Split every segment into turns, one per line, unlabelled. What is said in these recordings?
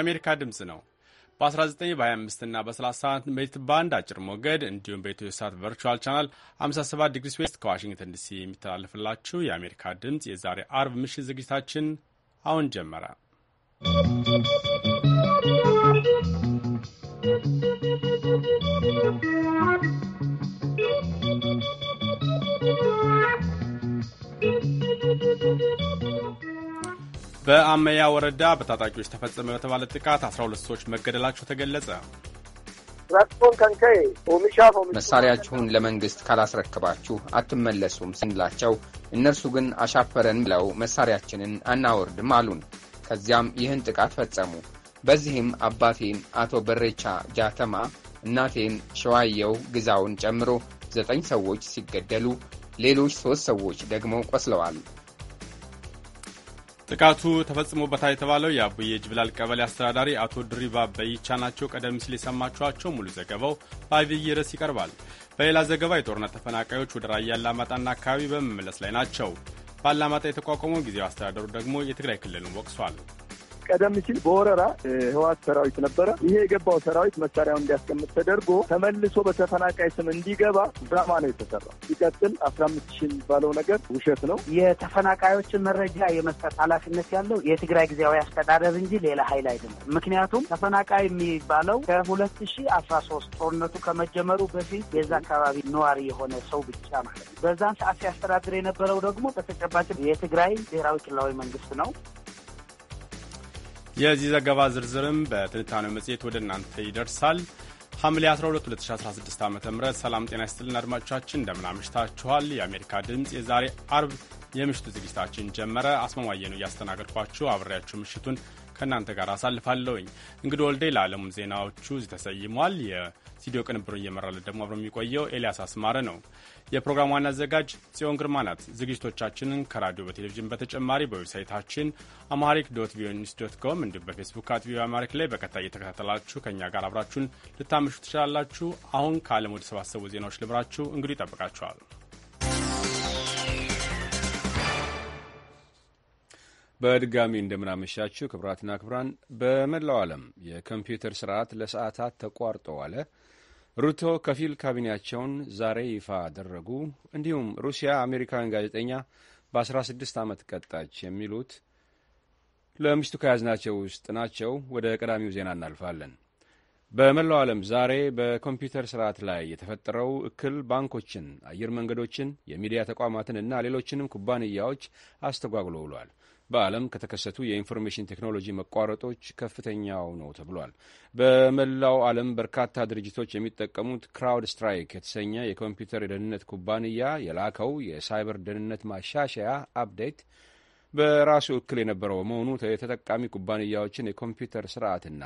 የአሜሪካ ድምፅ ነው። በ19 በ25 እና በ31 ሜትር ባንድ አጭር ሞገድ እንዲሁም በኢትዮ ሳት ቨርቹዋል ቻናል 57 ዲግሪ ስዌስት ከዋሽንግተን ዲሲ የሚተላለፍላችሁ የአሜሪካ ድምፅ የዛሬ አርብ ምሽት ዝግጅታችን አሁን ጀመረ። በአመያ ወረዳ በታጣቂዎች ተፈጸመ በተባለ ጥቃት 12 ሰዎች መገደላቸው ተገለጸ።
መሳሪያችሁን ለመንግስት ካላስረክባችሁ አትመለሱም ስንላቸው እነርሱ ግን አሻፈረን ብለው መሳሪያችንን አናወርድም አሉን። ከዚያም ይህን ጥቃት ፈጸሙ። በዚህም አባቴን አቶ በሬቻ ጃተማ፣ እናቴን ሸዋየው ግዛውን ጨምሮ ዘጠኝ ሰዎች ሲገደሉ ሌሎች ሦስት ሰዎች ደግሞ ቆስለዋል። ጥቃቱ
ተፈጽሞበታል የተባለው የአቡዬ ጅብላል ቀበሌ አስተዳዳሪ አቶ ድሪባ በይቻ ናቸው። ቀደም ሲል የሰማችኋቸው ሙሉ ዘገባው በአብይ ርዕስ ይቀርባል። በሌላ ዘገባ የጦርነት ተፈናቃዮች ወደ ራያ አላማጣና አካባቢ በመመለስ ላይ ናቸው። ባላማጣ የተቋቋመው ጊዜያዊ አስተዳደሩ ደግሞ የትግራይ ክልልን ወቅሷል።
ቀደም ሲል በወረራ ህወሓት ሰራዊት ነበረ። ይሄ የገባው ሰራዊት መሳሪያውን እንዲያስቀምጥ ተደርጎ ተመልሶ በተፈናቃይ ስም እንዲገባ ድራማ ነው የተሰራ። ሲቀጥል አስራ
አምስት ሺህ የሚባለው ነገር ውሸት ነው። የተፈናቃዮችን መረጃ የመስጠት ኃላፊነት ያለው የትግራይ ጊዜያዊ አስተዳደር እንጂ ሌላ ኃይል አይደለም። ምክንያቱም ተፈናቃይ የሚባለው ከሁለት ሺ አስራ ሶስት ጦርነቱ ከመጀመሩ በፊት የዛ አካባቢ ነዋሪ የሆነ ሰው ብቻ ማለት ነው። በዛን ሰዓት ሲያስተዳድር የነበረው ደግሞ በተጨባጭ የትግራይ ብሔራዊ ክልላዊ መንግስት ነው።
የዚህ ዘገባ ዝርዝርም በትንታኔው መጽሔት ወደ እናንተ ይደርሳል። ሐምሌ 12 2016 ዓ ም ሰላም ጤና ይስጥልን አድማጮቻችን፣ እንደምናምሽታችኋል። የአሜሪካ ድምፅ የዛሬ አርብ የምሽቱ ዝግጅታችን ጀመረ። አስማማየ ነው እያስተናገድኳችሁ አብሬያችሁ ምሽቱን ከእናንተ ጋር አሳልፋለውኝ እንግዲህ ወልዴ ለዓለሙን ዜናዎቹ እዚህ ተሰይሟል። የስቱዲዮ ቅንብሩን እየመራለት ደግሞ አብሮ የሚቆየው ኤልያስ አስማረ ነው። የፕሮግራም ዋና አዘጋጅ ጽዮን ግርማ ናት። ዝግጅቶቻችንን ከራዲዮ በቴሌቪዥን በተጨማሪ በዌብሳይታችን አማሪክ ዶት ቪኦኤ ዶት ኮም እንዲሁም በፌስቡክ አት ቪኦኤ አማሪክ ላይ በቀጣይ እየተከታተላችሁ ከእኛ ጋር አብራችሁን ልታመሹ ትችላላችሁ። አሁን ከዓለም ወደ ሰባሰቡ ዜናዎች ልብራችሁ እንግዲህ ይጠብቃችኋል። በድጋሚ
እንደምናመሻችው ክብራትና ክብራን። በመላው ዓለም የኮምፒውተር ስርዓት ለሰዓታት ተቋርጦ ዋለ። ሩቶ ከፊል ካቢኔያቸውን ዛሬ ይፋ አደረጉ። እንዲሁም ሩሲያ አሜሪካን ጋዜጠኛ በ16 ዓመት ቀጣች። የሚሉት ለምሽቱ ከያዝናቸው ውስጥ ናቸው። ወደ ቀዳሚው ዜና እናልፋለን። በመላው ዓለም ዛሬ በኮምፒውተር ስርዓት ላይ የተፈጠረው እክል ባንኮችን፣ አየር መንገዶችን፣ የሚዲያ ተቋማትን እና ሌሎችንም ኩባንያዎች አስተጓጉሎ ውሏል። በዓለም ከተከሰቱ የኢንፎርሜሽን ቴክኖሎጂ መቋረጦች ከፍተኛው ነው ተብሏል። በመላው ዓለም በርካታ ድርጅቶች የሚጠቀሙት ክራውድ ስትራይክ የተሰኘ የኮምፒውተር የደህንነት ኩባንያ የላከው የሳይበር ደህንነት ማሻሻያ አፕዴት በራሱ እክል የነበረው በመሆኑ የተጠቃሚ ኩባንያዎችን የኮምፒውተር ስርዓትና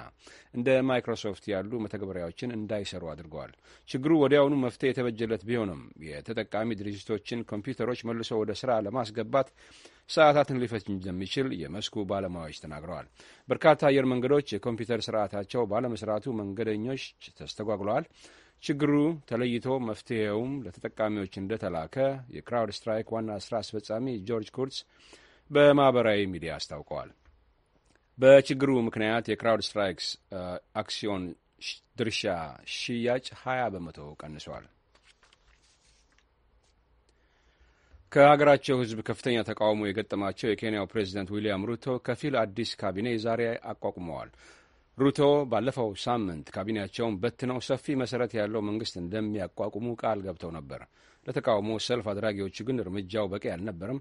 እንደ ማይክሮሶፍት ያሉ መተግበሪያዎችን እንዳይሰሩ አድርገዋል። ችግሩ ወዲያውኑ መፍትሄ የተበጀለት ቢሆንም የተጠቃሚ ድርጅቶችን ኮምፒውተሮች መልሶ ወደ ስራ ለማስገባት ሰዓታትን ሊፈጅ እንደሚችል የመስኩ ባለሙያዎች ተናግረዋል። በርካታ አየር መንገዶች የኮምፒውተር ስርዓታቸው ባለመስራቱ መንገደኞች ተስተጓጉለዋል። ችግሩ ተለይቶ መፍትሄውም ለተጠቃሚዎች እንደተላከ የክራውድ ስትራይክ ዋና ስራ አስፈጻሚ ጆርጅ ኩርትስ በማህበራዊ ሚዲያ አስታውቀዋል። በችግሩ ምክንያት የክራውድ ስትራይክስ አክሲዮን ድርሻ ሽያጭ 20 በመቶ ቀንሷል። ከሀገራቸው ህዝብ ከፍተኛ ተቃውሞ የገጠማቸው የኬንያው ፕሬዚደንት ዊልያም ሩቶ ከፊል አዲስ ካቢኔ ዛሬ አቋቁመዋል። ሩቶ ባለፈው ሳምንት ካቢኔያቸውን በትነው ሰፊ መሰረት ያለው መንግስት እንደሚያቋቁሙ ቃል ገብተው ነበር። ለተቃውሞ ሰልፍ አድራጊዎቹ ግን እርምጃው በቂ አልነበረም።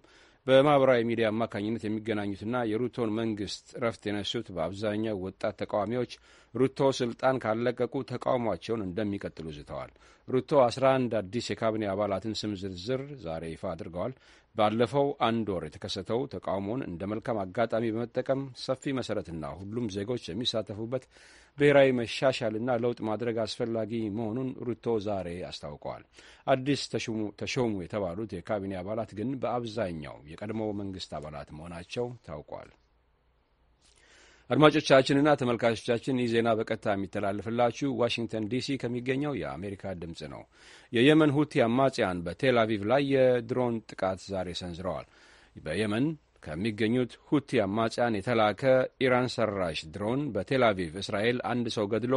በማኅበራዊ ሚዲያ አማካኝነት የሚገናኙትና የሩቶን መንግስት እረፍት የነሱት በአብዛኛው ወጣት ተቃዋሚዎች ሩቶ ስልጣን ካለቀቁ ተቃውሟቸውን እንደሚቀጥሉ ዝተዋል። ሩቶ 11 አዲስ የካቢኔ አባላትን ስም ዝርዝር ዛሬ ይፋ አድርገዋል። ባለፈው አንድ ወር የተከሰተው ተቃውሞን እንደ መልካም አጋጣሚ በመጠቀም ሰፊ መሰረትና ሁሉም ዜጎች የሚሳተፉበት ብሔራዊ መሻሻልና ለውጥ ማድረግ አስፈላጊ መሆኑን ሩቶ ዛሬ አስታውቀዋል። አዲስ ተሾሙ የተባሉት የካቢኔ አባላት ግን በአብዛኛው የቀድሞ መንግስት አባላት መሆናቸው ታውቋል። አድማጮቻችንና ተመልካቾቻችን ይህ ዜና በቀጥታ የሚተላለፍላችሁ ዋሽንግተን ዲሲ ከሚገኘው የአሜሪካ ድምፅ ነው። የየመን ሁቲ አማጽያን በቴል አቪቭ ላይ የድሮን ጥቃት ዛሬ ሰንዝረዋል። በየመን ከሚገኙት ሁቲ አማጽያን የተላከ ኢራን ሰራሽ ድሮን በቴል አቪቭ እስራኤል አንድ ሰው ገድሎ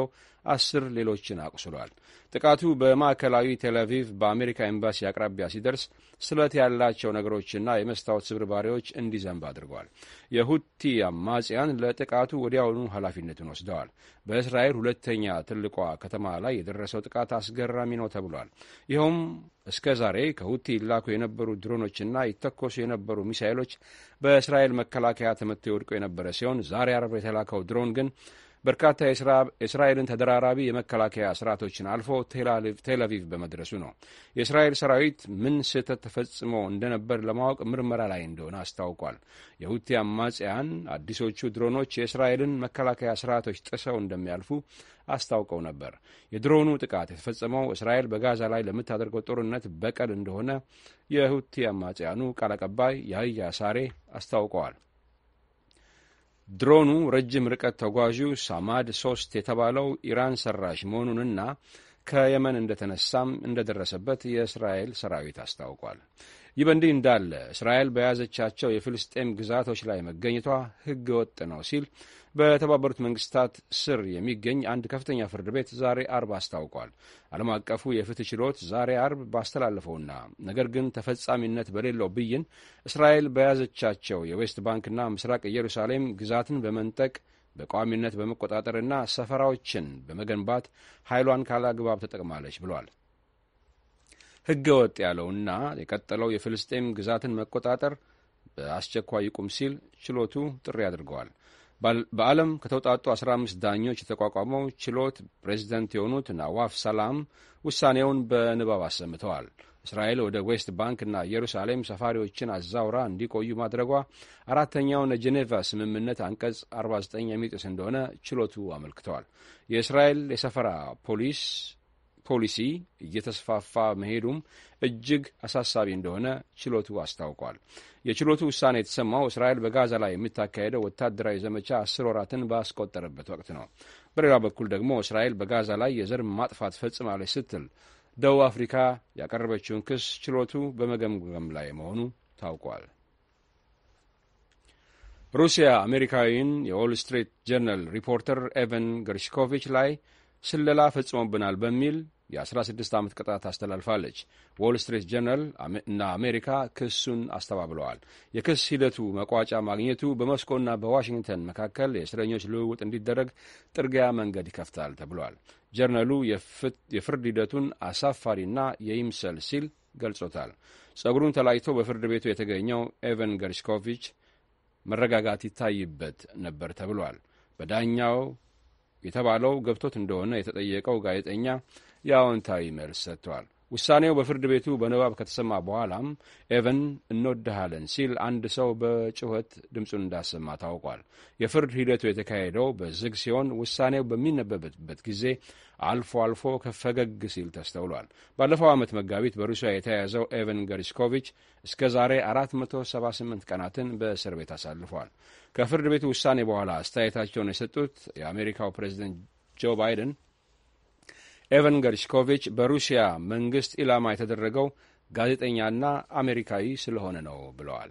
አስር ሌሎችን አቁስሏል። ጥቃቱ በማዕከላዊ ቴል አቪቭ በአሜሪካ ኤምባሲ አቅራቢያ ሲደርስ ስለት ያላቸው ነገሮችና የመስታወት ስብርባሪዎች እንዲዘንብ አድርጓል። የሁቲ አማጽያን ለጥቃቱ ወዲያውኑ ኃላፊነቱን ወስደዋል። በእስራኤል ሁለተኛ ትልቋ ከተማ ላይ የደረሰው ጥቃት አስገራሚ ነው ተብሏል። ይኸውም እስከ ዛሬ ከሁቲ ይላኩ የነበሩ ድሮኖችና ይተኮሱ የነበሩ ሚሳይሎች በእስራኤል መከላከያ ተመቶ ወድቆ የነበረ ሲሆን ዛሬ አረብ የተላከው ድሮን ግን በርካታ የእስራኤልን ተደራራቢ የመከላከያ ስርዓቶችን አልፎ ቴል በመድረሱ ነው። የእስራኤል ሰራዊት ምን ስህተት ተፈጽሞ እንደነበር ለማወቅ ምርመራ ላይ እንደሆነ አስታውቋል። የሁቲ አማጽያን አዲሶቹ ድሮኖች የእስራኤልን መከላከያ ስርዓቶች ጥሰው እንደሚያልፉ አስታውቀው ነበር። የድሮኑ ጥቃት የተፈጸመው እስራኤል በጋዛ ላይ ለምታደርገው ጦርነት በቀል እንደሆነ የሁቲ አማጽያኑ ቃል አቀባይ ያህያ ሳሬ አስታውቀዋል። ድሮኑ ረጅም ርቀት ተጓዡ ሳማድ ሶስት የተባለው ኢራን ሰራሽ መሆኑንና ከየመን እንደተነሳም እንደደረሰበት የእስራኤል ሰራዊት አስታውቋል። ይህ በእንዲህ እንዳለ እስራኤል በያዘቻቸው የፍልስጤም ግዛቶች ላይ መገኘቷ ሕገ ወጥ ነው ሲል በተባበሩት መንግስታት ስር የሚገኝ አንድ ከፍተኛ ፍርድ ቤት ዛሬ አርብ አስታውቋል። ዓለም አቀፉ የፍትህ ችሎት ዛሬ አርብ ባስተላለፈውና ነገር ግን ተፈጻሚነት በሌለው ብይን እስራኤል በያዘቻቸው የዌስት ባንክና ምስራቅ ኢየሩሳሌም ግዛትን በመንጠቅ በቋሚነት በመቆጣጠርና ሰፈራዎችን በመገንባት ኃይሏን ካላግባብ ተጠቅማለች ብሏል። ሕገ ወጥ ያለውና የቀጠለው የፍልስጤም ግዛትን መቆጣጠር በአስቸኳይ ይቁም ሲል ችሎቱ ጥሪ አድርገዋል። በዓለም ከተውጣጡ 15 ዳኞች የተቋቋመው ችሎት ፕሬዚደንት የሆኑት ናዋፍ ሰላም ውሳኔውን በንባብ አሰምተዋል። እስራኤል ወደ ዌስት ባንክ እና ኢየሩሳሌም ሰፋሪዎችን አዛውራ እንዲቆዩ ማድረጓ አራተኛውን የጄኔቫ ስምምነት አንቀጽ 49 የሚጥስ እንደሆነ ችሎቱ አመልክተዋል። የእስራኤል የሰፈራ ፖሊስ ፖሊሲ እየተስፋፋ መሄዱም እጅግ አሳሳቢ እንደሆነ ችሎቱ አስታውቋል። የችሎቱ ውሳኔ የተሰማው እስራኤል በጋዛ ላይ የምታካሄደው ወታደራዊ ዘመቻ አስር ወራትን ባስቆጠረበት ወቅት ነው። በሌላ በኩል ደግሞ እስራኤል በጋዛ ላይ የዘር ማጥፋት ፈጽማለች ስትል ደቡብ አፍሪካ ያቀረበችውን ክስ ችሎቱ በመገምገም ላይ መሆኑ ታውቋል። ሩሲያ አሜሪካዊን የዎል ስትሪት ጀርናል ሪፖርተር ኤቨን ገርሽኮቪች ላይ ስለላ ፈጽሞብናል በሚል የ16 ዓመት ቅጣት አስተላልፋለች። ዎል ስትሪት ጀርናል እና አሜሪካ ክሱን አስተባብለዋል። የክስ ሂደቱ መቋጫ ማግኘቱ በሞስኮና በዋሽንግተን መካከል የእስረኞች ልውውጥ እንዲደረግ ጥርጊያ መንገድ ይከፍታል ተብሏል። ጀርናሉ የፍርድ ሂደቱን አሳፋሪና የይምሰል ሲል ገልጾታል። ጸጉሩን ተላጭቶ በፍርድ ቤቱ የተገኘው ኤቨን ገሪሽኮቪች መረጋጋት ይታይበት ነበር ተብሏል። በዳኛው የተባለው ገብቶት እንደሆነ የተጠየቀው ጋዜጠኛ የአዎንታዊ መልስ ሰጥቷል። ውሳኔው በፍርድ ቤቱ በንባብ ከተሰማ በኋላም ኤቨን እንወድሃለን ሲል አንድ ሰው በጩኸት ድምፁን እንዳሰማ ታውቋል። የፍርድ ሂደቱ የተካሄደው በዝግ ሲሆን ውሳኔው በሚነበብበት ጊዜ አልፎ አልፎ ከፈገግ ሲል ተስተውሏል። ባለፈው ዓመት መጋቢት በሩሲያ የተያያዘው ኤቨን ገሪስኮቪች እስከ ዛሬ 478 ቀናትን በእስር ቤት አሳልፏል። ከፍርድ ቤቱ ውሳኔ በኋላ አስተያየታቸውን የሰጡት የአሜሪካው ፕሬዚደንት ጆ ባይደን ኤቨን ገርሽኮቪች በሩሲያ መንግሥት ኢላማ የተደረገው ጋዜጠኛና አሜሪካዊ ስለሆነ ነው ብለዋል።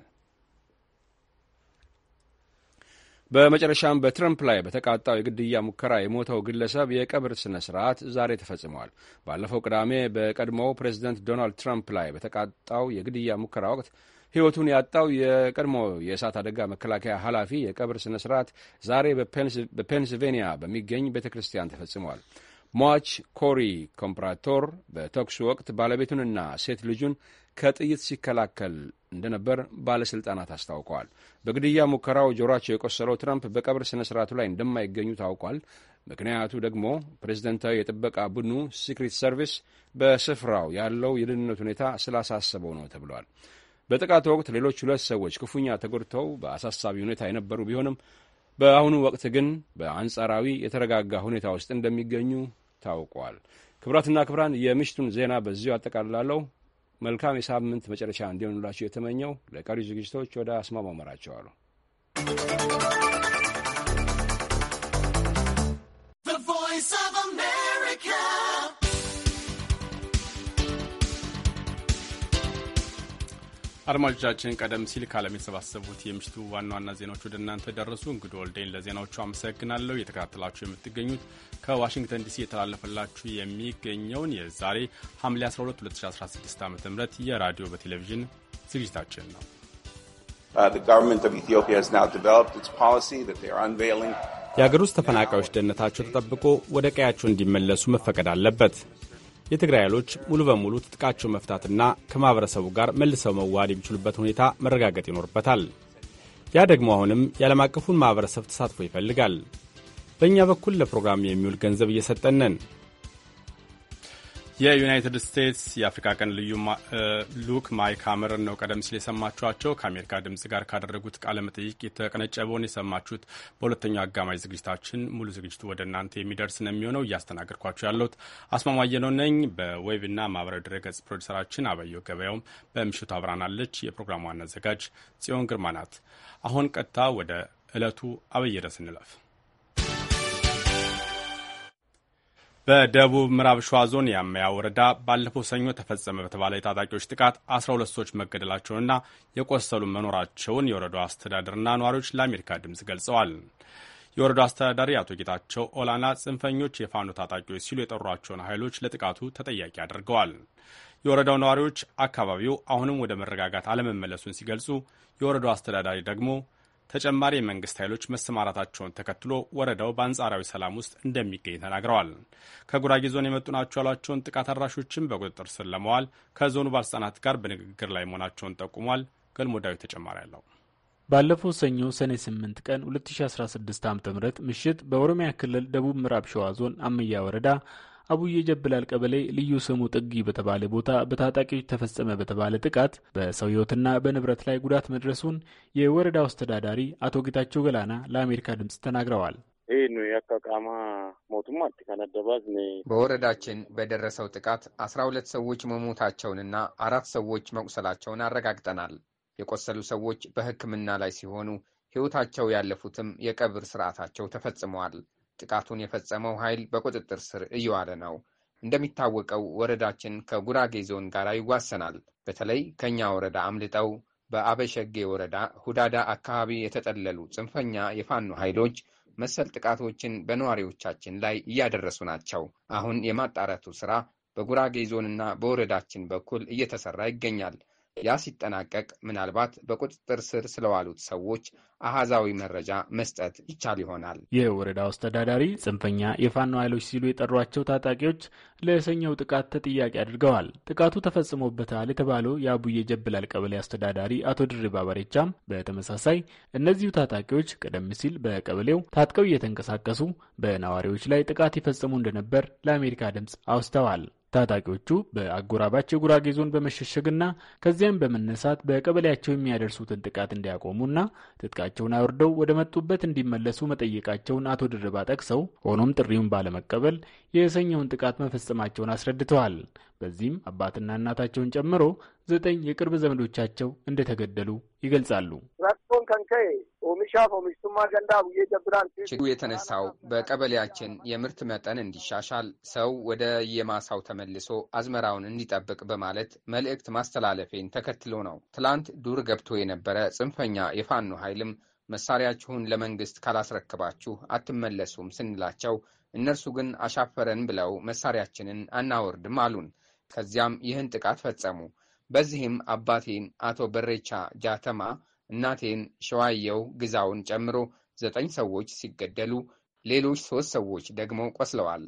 በመጨረሻም በትረምፕ ላይ በተቃጣው የግድያ ሙከራ የሞተው ግለሰብ የቀብር ስነ ስርዓት ዛሬ ተፈጽመዋል። ባለፈው ቅዳሜ በቀድሞው ፕሬዚደንት ዶናልድ ትራምፕ ላይ በተቃጣው የግድያ ሙከራ ወቅት ሕይወቱን ያጣው የቀድሞ የእሳት አደጋ መከላከያ ኃላፊ የቀብር ስነ ስርዓት ዛሬ በፔንስልቬንያ በሚገኝ ቤተ ክርስቲያን ተፈጽመዋል። ሟች ኮሪ ኮምፕራቶር በተኩሱ ወቅት ባለቤቱንና ሴት ልጁን ከጥይት ሲከላከል እንደነበር ባለሥልጣናት አስታውቀዋል። በግድያ ሙከራው ጆሯቸው የቆሰለው ትራምፕ በቀብር ሥነ ሥርዓቱ ላይ እንደማይገኙ ታውቋል። ምክንያቱ ደግሞ ፕሬዝደንታዊ የጥበቃ ቡድኑ ሲክሪት ሰርቪስ በስፍራው ያለው የደህንነት ሁኔታ ስላሳሰበው ነው ተብሏል። በጥቃቱ ወቅት ሌሎች ሁለት ሰዎች ክፉኛ ተጎድተው በአሳሳቢ ሁኔታ የነበሩ ቢሆንም በአሁኑ ወቅት ግን በአንጻራዊ የተረጋጋ ሁኔታ ውስጥ እንደሚገኙ ታውቋል። ክቡራትና ክቡራን የምሽቱን ዜና በዚሁ አጠቃልላለሁ። መልካም የሳምንት መጨረሻ እንዲሆንላችሁ የተመኘው ለቀሪ ዝግጅቶች ወደ አስማማው መራቸዋሉ።
አድማጮቻችን ቀደም ሲል ከዓለም የተሰባሰቡት የምሽቱ ዋና ዋና ዜናዎች ወደ እናንተ ደረሱ። እንግዶ ወልዴን ለዜናዎቹ አመሰግናለሁ። የተከታተላችሁ የምትገኙት ከዋሽንግተን ዲሲ የተላለፈላችሁ የሚገኘውን የዛሬ ሐምሌ 12 2016 ዓ ም የራዲዮ በቴሌቪዥን
ዝግጅታችን ነው። uh,
የአገር ውስጥ ተፈናቃዮች ደህንነታቸው ተጠብቆ ወደ ቀያቸው እንዲመለሱ መፈቀድ አለበት። የትግራይ ኃይሎች ሙሉ በሙሉ ትጥቃቸው መፍታትና ከማኅበረሰቡ ጋር መልሰው መዋሃድ የሚችሉበት ሁኔታ መረጋገጥ ይኖርበታል። ያ ደግሞ አሁንም የዓለም አቀፉን ማኅበረሰብ ተሳትፎ ይፈልጋል። በእኛ በኩል ለፕሮግራም የሚውል ገንዘብ እየሰጠን ነን። የዩናይትድ ስቴትስ የአፍሪካ ቀን ልዩ ሉክ ማይክ ሀመርን ነው ቀደም ሲል የሰማችኋቸው። ከአሜሪካ ድምጽ ጋር ካደረጉት ቃለ መጠይቅ የተቀነጨበውን የሰማችሁት። በሁለተኛው አጋማሽ ዝግጅታችን ሙሉ ዝግጅቱ ወደ እናንተ የሚደርስ ነው የሚሆነው። እያስተናገድኳችሁ ያለሁት አስማማየ ነው ነኝ። በዌብና ማህበራዊ ድረገጽ ፕሮዲሰራችን አበየው ገበያውም በምሽቱ አብራናለች። የፕሮግራሙ ዋና አዘጋጅ ጽዮን ግርማ ናት። አሁን ቀጥታ ወደ ዕለቱ አበየ ደስ እንለፍ። በደቡብ ምዕራብ ሸዋ ዞን የአመያ ወረዳ ባለፈው ሰኞ ተፈጸመ በተባለ የታጣቂዎች ጥቃት 12 ሰዎች መገደላቸውንና የቆሰሉ መኖራቸውን የወረዳው አስተዳደርና ነዋሪዎች ለአሜሪካ ድምፅ ገልጸዋል። የወረዳው አስተዳዳሪ አቶ ጌታቸው ኦላና ጽንፈኞች የፋኖ ታጣቂዎች ሲሉ የጠሯቸውን ኃይሎች ለጥቃቱ ተጠያቂ አድርገዋል። የወረዳው ነዋሪዎች አካባቢው አሁንም ወደ መረጋጋት አለመመለሱን ሲገልጹ፣ የወረዳው አስተዳዳሪ ደግሞ ተጨማሪ የመንግስት ኃይሎች መሰማራታቸውን ተከትሎ ወረዳው በአንጻራዊ ሰላም ውስጥ እንደሚገኝ ተናግረዋል። ከጉራጌ ዞን የመጡ ናቸው ያሏቸውን ጥቃት አድራሾችም በቁጥጥር ስር ለመዋል ከዞኑ ባለስልጣናት ጋር በንግግር ላይ መሆናቸውን ጠቁሟል። ገልሞ ዳዊት ተጨማሪ አለው።
ባለፈው ሰኞ ሰኔ 8 ቀን 2016 ዓ ም ምሽት በኦሮሚያ ክልል ደቡብ ምዕራብ ሸዋ ዞን አመያ ወረዳ አቡዬ ጀብላል ቀበሌ ልዩ ስሙ ጥጊ በተባለ ቦታ በታጣቂዎች ተፈጸመ በተባለ ጥቃት በሰው ሕይወትና በንብረት ላይ ጉዳት መድረሱን የወረዳው አስተዳዳሪ አቶ ጌታቸው ገላና ለአሜሪካ
ድምፅ ተናግረዋል። በወረዳችን በደረሰው ጥቃት አስራ ሁለት ሰዎች መሞታቸውንና አራት ሰዎች መቁሰላቸውን አረጋግጠናል። የቆሰሉ ሰዎች በሕክምና ላይ ሲሆኑ ሕይወታቸው ያለፉትም የቀብር ስርዓታቸው ተፈጽመዋል። ጥቃቱን የፈጸመው ኃይል በቁጥጥር ስር እየዋለ ነው። እንደሚታወቀው ወረዳችን ከጉራጌ ዞን ጋር ይዋሰናል። በተለይ ከእኛ ወረዳ አምልጠው በአበሸጌ ወረዳ ሁዳዳ አካባቢ የተጠለሉ ጽንፈኛ የፋኖ ኃይሎች መሰል ጥቃቶችን በነዋሪዎቻችን ላይ እያደረሱ ናቸው። አሁን የማጣረቱ ስራ በጉራጌ ዞንና በወረዳችን በኩል እየተሰራ ይገኛል። ያ ሲጠናቀቅ ምናልባት በቁጥጥር ስር ስለዋሉት ሰዎች አሃዛዊ መረጃ መስጠት ይቻል ይሆናል።
የወረዳው አስተዳዳሪ ጽንፈኛ የፋኖ ኃይሎች ሲሉ የጠሯቸው ታጣቂዎች ለሰኘው ጥቃት ተጠያቂ አድርገዋል። ጥቃቱ ተፈጽሞበታል የተባለው የአቡዬ ጀብላል ቀበሌ አስተዳዳሪ አቶ ድርባ ባሬቻም በተመሳሳይ እነዚሁ ታጣቂዎች ቀደም ሲል በቀበሌው ታጥቀው እየተንቀሳቀሱ በነዋሪዎች ላይ ጥቃት ይፈጽሙ እንደነበር ለአሜሪካ ድምፅ አውስተዋል። ታጣቂዎቹ በአጎራባች የጉራጌ ዞን በመሸሸግና ከዚያም በመነሳት በቀበሌያቸው የሚያደርሱትን ጥቃት እንዲያቆሙና ትጥቃቸውን አውርደው ወደ መጡበት እንዲመለሱ መጠየቃቸውን አቶ ድርባ ጠቅሰው ሆኖም ጥሪውን ባለመቀበል የሰኘውን ጥቃት መፈጸማቸውን አስረድተዋል። በዚህም አባትና እናታቸውን ጨምሮ ዘጠኝ የቅርብ ዘመዶቻቸው እንደተገደሉ ይገልጻሉ።
ችግሩ የተነሳው በቀበሌያችን የምርት መጠን እንዲሻሻል ሰው ወደ የማሳው ተመልሶ አዝመራውን እንዲጠብቅ በማለት መልእክት ማስተላለፌን ተከትሎ ነው። ትላንት ዱር ገብቶ የነበረ ጽንፈኛ የፋኖ ኃይልም መሳሪያችሁን ለመንግስት ካላስረክባችሁ አትመለሱም ስንላቸው እነርሱ ግን አሻፈረን ብለው መሳሪያችንን አናወርድም አሉን። ከዚያም ይህን ጥቃት ፈጸሙ። በዚህም አባቴን አቶ በሬቻ ጃተማ፣ እናቴን ሸዋየው ግዛውን ጨምሮ ዘጠኝ ሰዎች ሲገደሉ ሌሎች ሶስት ሰዎች ደግሞ ቆስለዋል።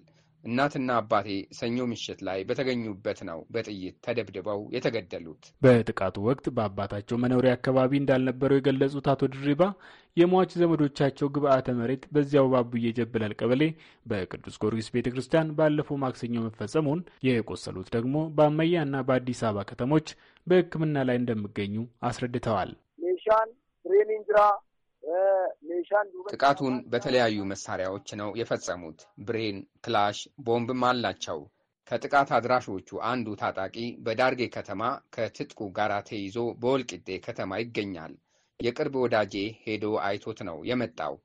እናትና አባቴ ሰኞ ምሽት ላይ በተገኙበት ነው በጥይት ተደብድበው የተገደሉት።
በጥቃቱ ወቅት በአባታቸው መኖሪያ አካባቢ እንዳልነበሩ የገለጹት አቶ ድሪባ የሟች ዘመዶቻቸው ግብአተ መሬት በዚያው ባቡዬ ጀብላል ቀበሌ በቅዱስ ጊዮርጊስ ቤተ ክርስቲያን ባለፈው ማክሰኞ መፈጸሙን፣ የቆሰሉት ደግሞ በአመያና በአዲስ አበባ ከተሞች በሕክምና ላይ እንደሚገኙ
አስረድተዋል።
ሜሻን ሬን ጥቃቱን
በተለያዩ መሳሪያዎች ነው የፈጸሙት። ብሬን፣ ክላሽ፣ ቦምብም አላቸው። ከጥቃት አድራሾቹ አንዱ ታጣቂ በዳርጌ ከተማ ከትጥቁ ጋር ተይዞ በወልቂጤ ከተማ ይገኛል። የቅርብ ወዳጄ ሄዶ አይቶት ነው የመጣው።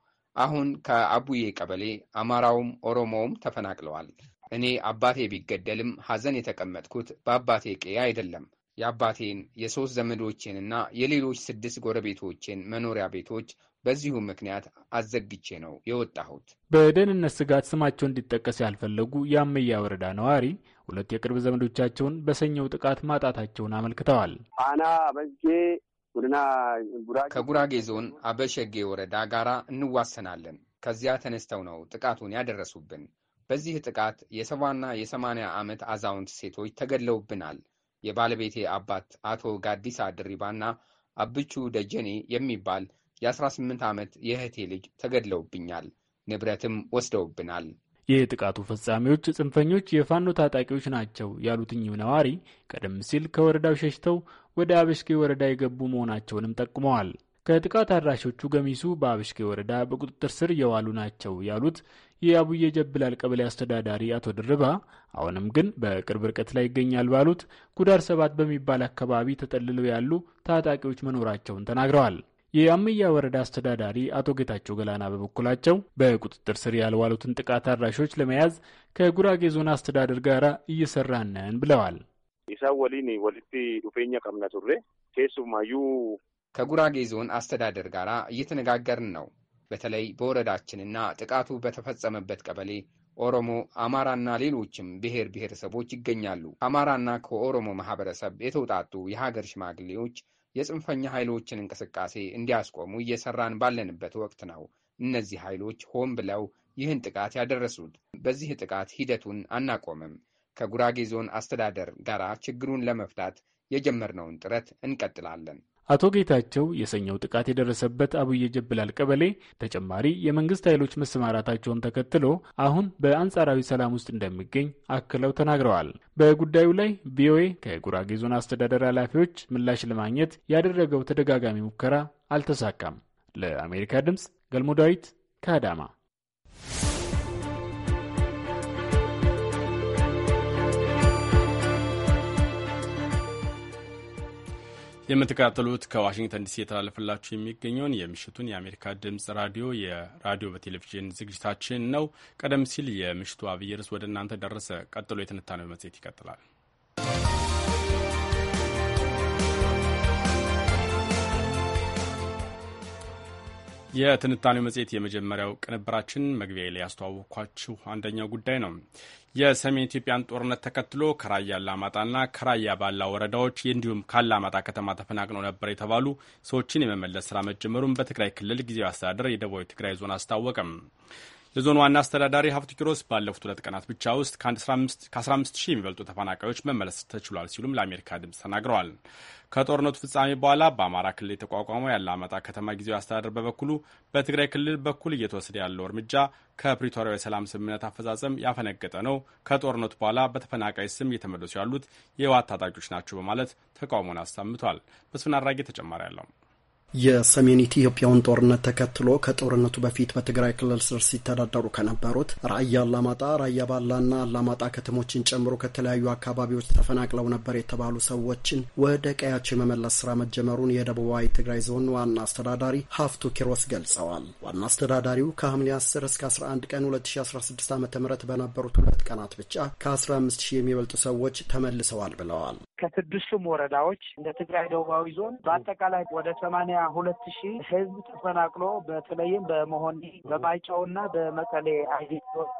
አሁን ከአቡዬ ቀበሌ አማራውም ኦሮሞውም ተፈናቅለዋል። እኔ አባቴ ቢገደልም ሐዘን የተቀመጥኩት በአባቴ ቄ አይደለም። የአባቴን የሦስት ዘመዶቼንና የሌሎች ስድስት ጎረቤቶቼን መኖሪያ ቤቶች በዚሁ ምክንያት አዘግቼ ነው የወጣሁት።
በደህንነት ስጋት ስማቸው እንዲጠቀስ ያልፈለጉ የአመያ ወረዳ ነዋሪ ሁለት የቅርብ ዘመዶቻቸውን በሰኘው ጥቃት ማጣታቸውን አመልክተዋል።
አና በዜ ከጉራጌ ዞን አበሸጌ ወረዳ ጋራ እንዋሰናለን። ከዚያ ተነስተው ነው ጥቃቱን ያደረሱብን። በዚህ ጥቃት የሰባና የሰማንያ ዓመት አዛውንት ሴቶች ተገድለውብናል። የባለቤቴ አባት አቶ ጋዲሳ ድሪባና አብቹ ደጀኔ የሚባል የ18 ዓመት የእህቴ ልጅ ተገድለውብኛል፣ ንብረትም ወስደውብናል። የጥቃቱ ፈጻሚዎች
ጽንፈኞች የፋኖ ታጣቂዎች ናቸው ያሉት እኚሁ ነዋሪ ቀደም ሲል ከወረዳው ሸሽተው ወደ አበሽጌ ወረዳ የገቡ መሆናቸውንም ጠቁመዋል። ከጥቃት አድራሾቹ ገሚሱ በአበሽጌ ወረዳ በቁጥጥር ስር የዋሉ ናቸው ያሉት የአቡየ ጀብላል ቀበሌ አስተዳዳሪ አቶ ድርባ አሁንም ግን በቅርብ ርቀት ላይ ይገኛል ባሉት ጉዳር ሰባት በሚባል አካባቢ ተጠልለው ያሉ ታጣቂዎች መኖራቸውን ተናግረዋል። የአመያ ወረዳ አስተዳዳሪ አቶ ጌታቸው ገላና በበኩላቸው በቁጥጥር ስር ያልዋሉትን ጥቃት አድራሾች ለመያዝ ከጉራጌ ዞን አስተዳደር
ጋር እየሰራን ነን ብለዋል።
ኢሳን ወሊን ወሊቲ ዱፌኛ ቀምና
ኬሱማዩ ከጉራጌ ዞን አስተዳደር ጋር እየተነጋገርን ነው። በተለይ በወረዳችንና ጥቃቱ በተፈጸመበት ቀበሌ ኦሮሞ፣ አማራና ሌሎችም ብሔር ብሔረሰቦች ይገኛሉ። ከአማራና ከኦሮሞ ማህበረሰብ የተውጣጡ የሀገር ሽማግሌዎች የጽንፈኛ ኃይሎችን እንቅስቃሴ እንዲያስቆሙ እየሰራን ባለንበት ወቅት ነው እነዚህ ኃይሎች ሆን ብለው ይህን ጥቃት ያደረሱት። በዚህ ጥቃት ሂደቱን አናቆምም። ከጉራጌ ዞን አስተዳደር ጋር ችግሩን ለመፍታት የጀመርነውን ጥረት እንቀጥላለን።
አቶ ጌታቸው የሰኘው ጥቃት የደረሰበት አቡየ ጀብላል ቀበሌ ተጨማሪ የመንግስት ኃይሎች መሰማራታቸውን ተከትሎ አሁን በአንጻራዊ ሰላም ውስጥ እንደሚገኝ አክለው ተናግረዋል። በጉዳዩ ላይ ቪኦኤ ከጉራጌ ዞን አስተዳደር ኃላፊዎች ምላሽ ለማግኘት ያደረገው ተደጋጋሚ ሙከራ አልተሳካም። ለአሜሪካ ድምፅ ገልሞ ዳዊት ከአዳማ
የምትከታተሉት ከዋሽንግተን ዲሲ የተላለፈላችሁ የሚገኘውን የምሽቱን የአሜሪካ ድምፅ ራዲዮ የራዲዮ በቴሌቪዥን ዝግጅታችን ነው። ቀደም ሲል የምሽቱ አብይ ርዕስ ወደ እናንተ ደረሰ። ቀጥሎ የትንታኔው መጽሔት ይቀጥላል። የትንታኔው መጽሔት የመጀመሪያው ቅንብራችን መግቢያ ላይ ያስተዋወቅኳችሁ አንደኛው ጉዳይ ነው። የሰሜን ኢትዮጵያን ጦርነት ተከትሎ ከራያ አላማጣና ከራያ ባላ ወረዳዎች እንዲሁም ከአላማጣ ከተማ ተፈናቅኖ ነበር የተባሉ ሰዎችን የመመለስ ስራ መጀመሩን በትግራይ ክልል ጊዜያዊ አስተዳደር የደቡባዊ ትግራይ ዞን አስታወቀም። የዞን ዋና አስተዳዳሪ ሀብቱ ኪሮስ ባለፉት ሁለት ቀናት ብቻ ውስጥ ከ15 ሺህ የሚበልጡ ተፈናቃዮች መመለስ ተችሏል ሲሉም ለአሜሪካ ድምፅ ተናግረዋል። ከጦርነቱ ፍጻሜ በኋላ በአማራ ክልል የተቋቋመው የአላማጣ ከተማ ጊዜያዊ አስተዳደር በበኩሉ በትግራይ ክልል በኩል እየተወሰደ ያለው እርምጃ ከፕሪቶሪያው የሰላም ስምምነት አፈጻጸም ያፈነገጠ ነው፣ ከጦርነቱ በኋላ በተፈናቃይ ስም እየተመለሱ ያሉት የህወሓት ታጣቂዎች ናቸው በማለት ተቃውሞን አሰምቷል። መስፍን አድራጌ ተጨማሪ አለው።
የሰሜን ኢትዮጵያውን ጦርነት ተከትሎ ከጦርነቱ በፊት በትግራይ ክልል ስር ሲተዳደሩ ከነበሩት ራያ አላማጣ፣ ራያ ባላና አላማጣ ከተሞችን ጨምሮ ከተለያዩ አካባቢዎች ተፈናቅለው ነበር የተባሉ ሰዎችን ወደ ቀያቸው የመመለስ ስራ መጀመሩን የደቡባዊ ትግራይ ዞን ዋና አስተዳዳሪ ሀፍቱ ኪሮስ ገልጸዋል። ዋና አስተዳዳሪው ከሐምሌ 10 እስከ 11 ቀን 2016 ዓ ም በነበሩት ሁለት ቀናት ብቻ ከ15000 የሚበልጡ ሰዎች ተመልሰዋል ብለዋል።
ከስድስቱም ወረዳዎች እንደ ትግራይ ደቡባዊ ዞን በአጠቃላይ ወደ ሰማንያ ሁለት ሺህ ህዝብ ተፈናቅሎ በተለይም በመሆኒ በማይጨውና በመቀሌ አይዲፒዎች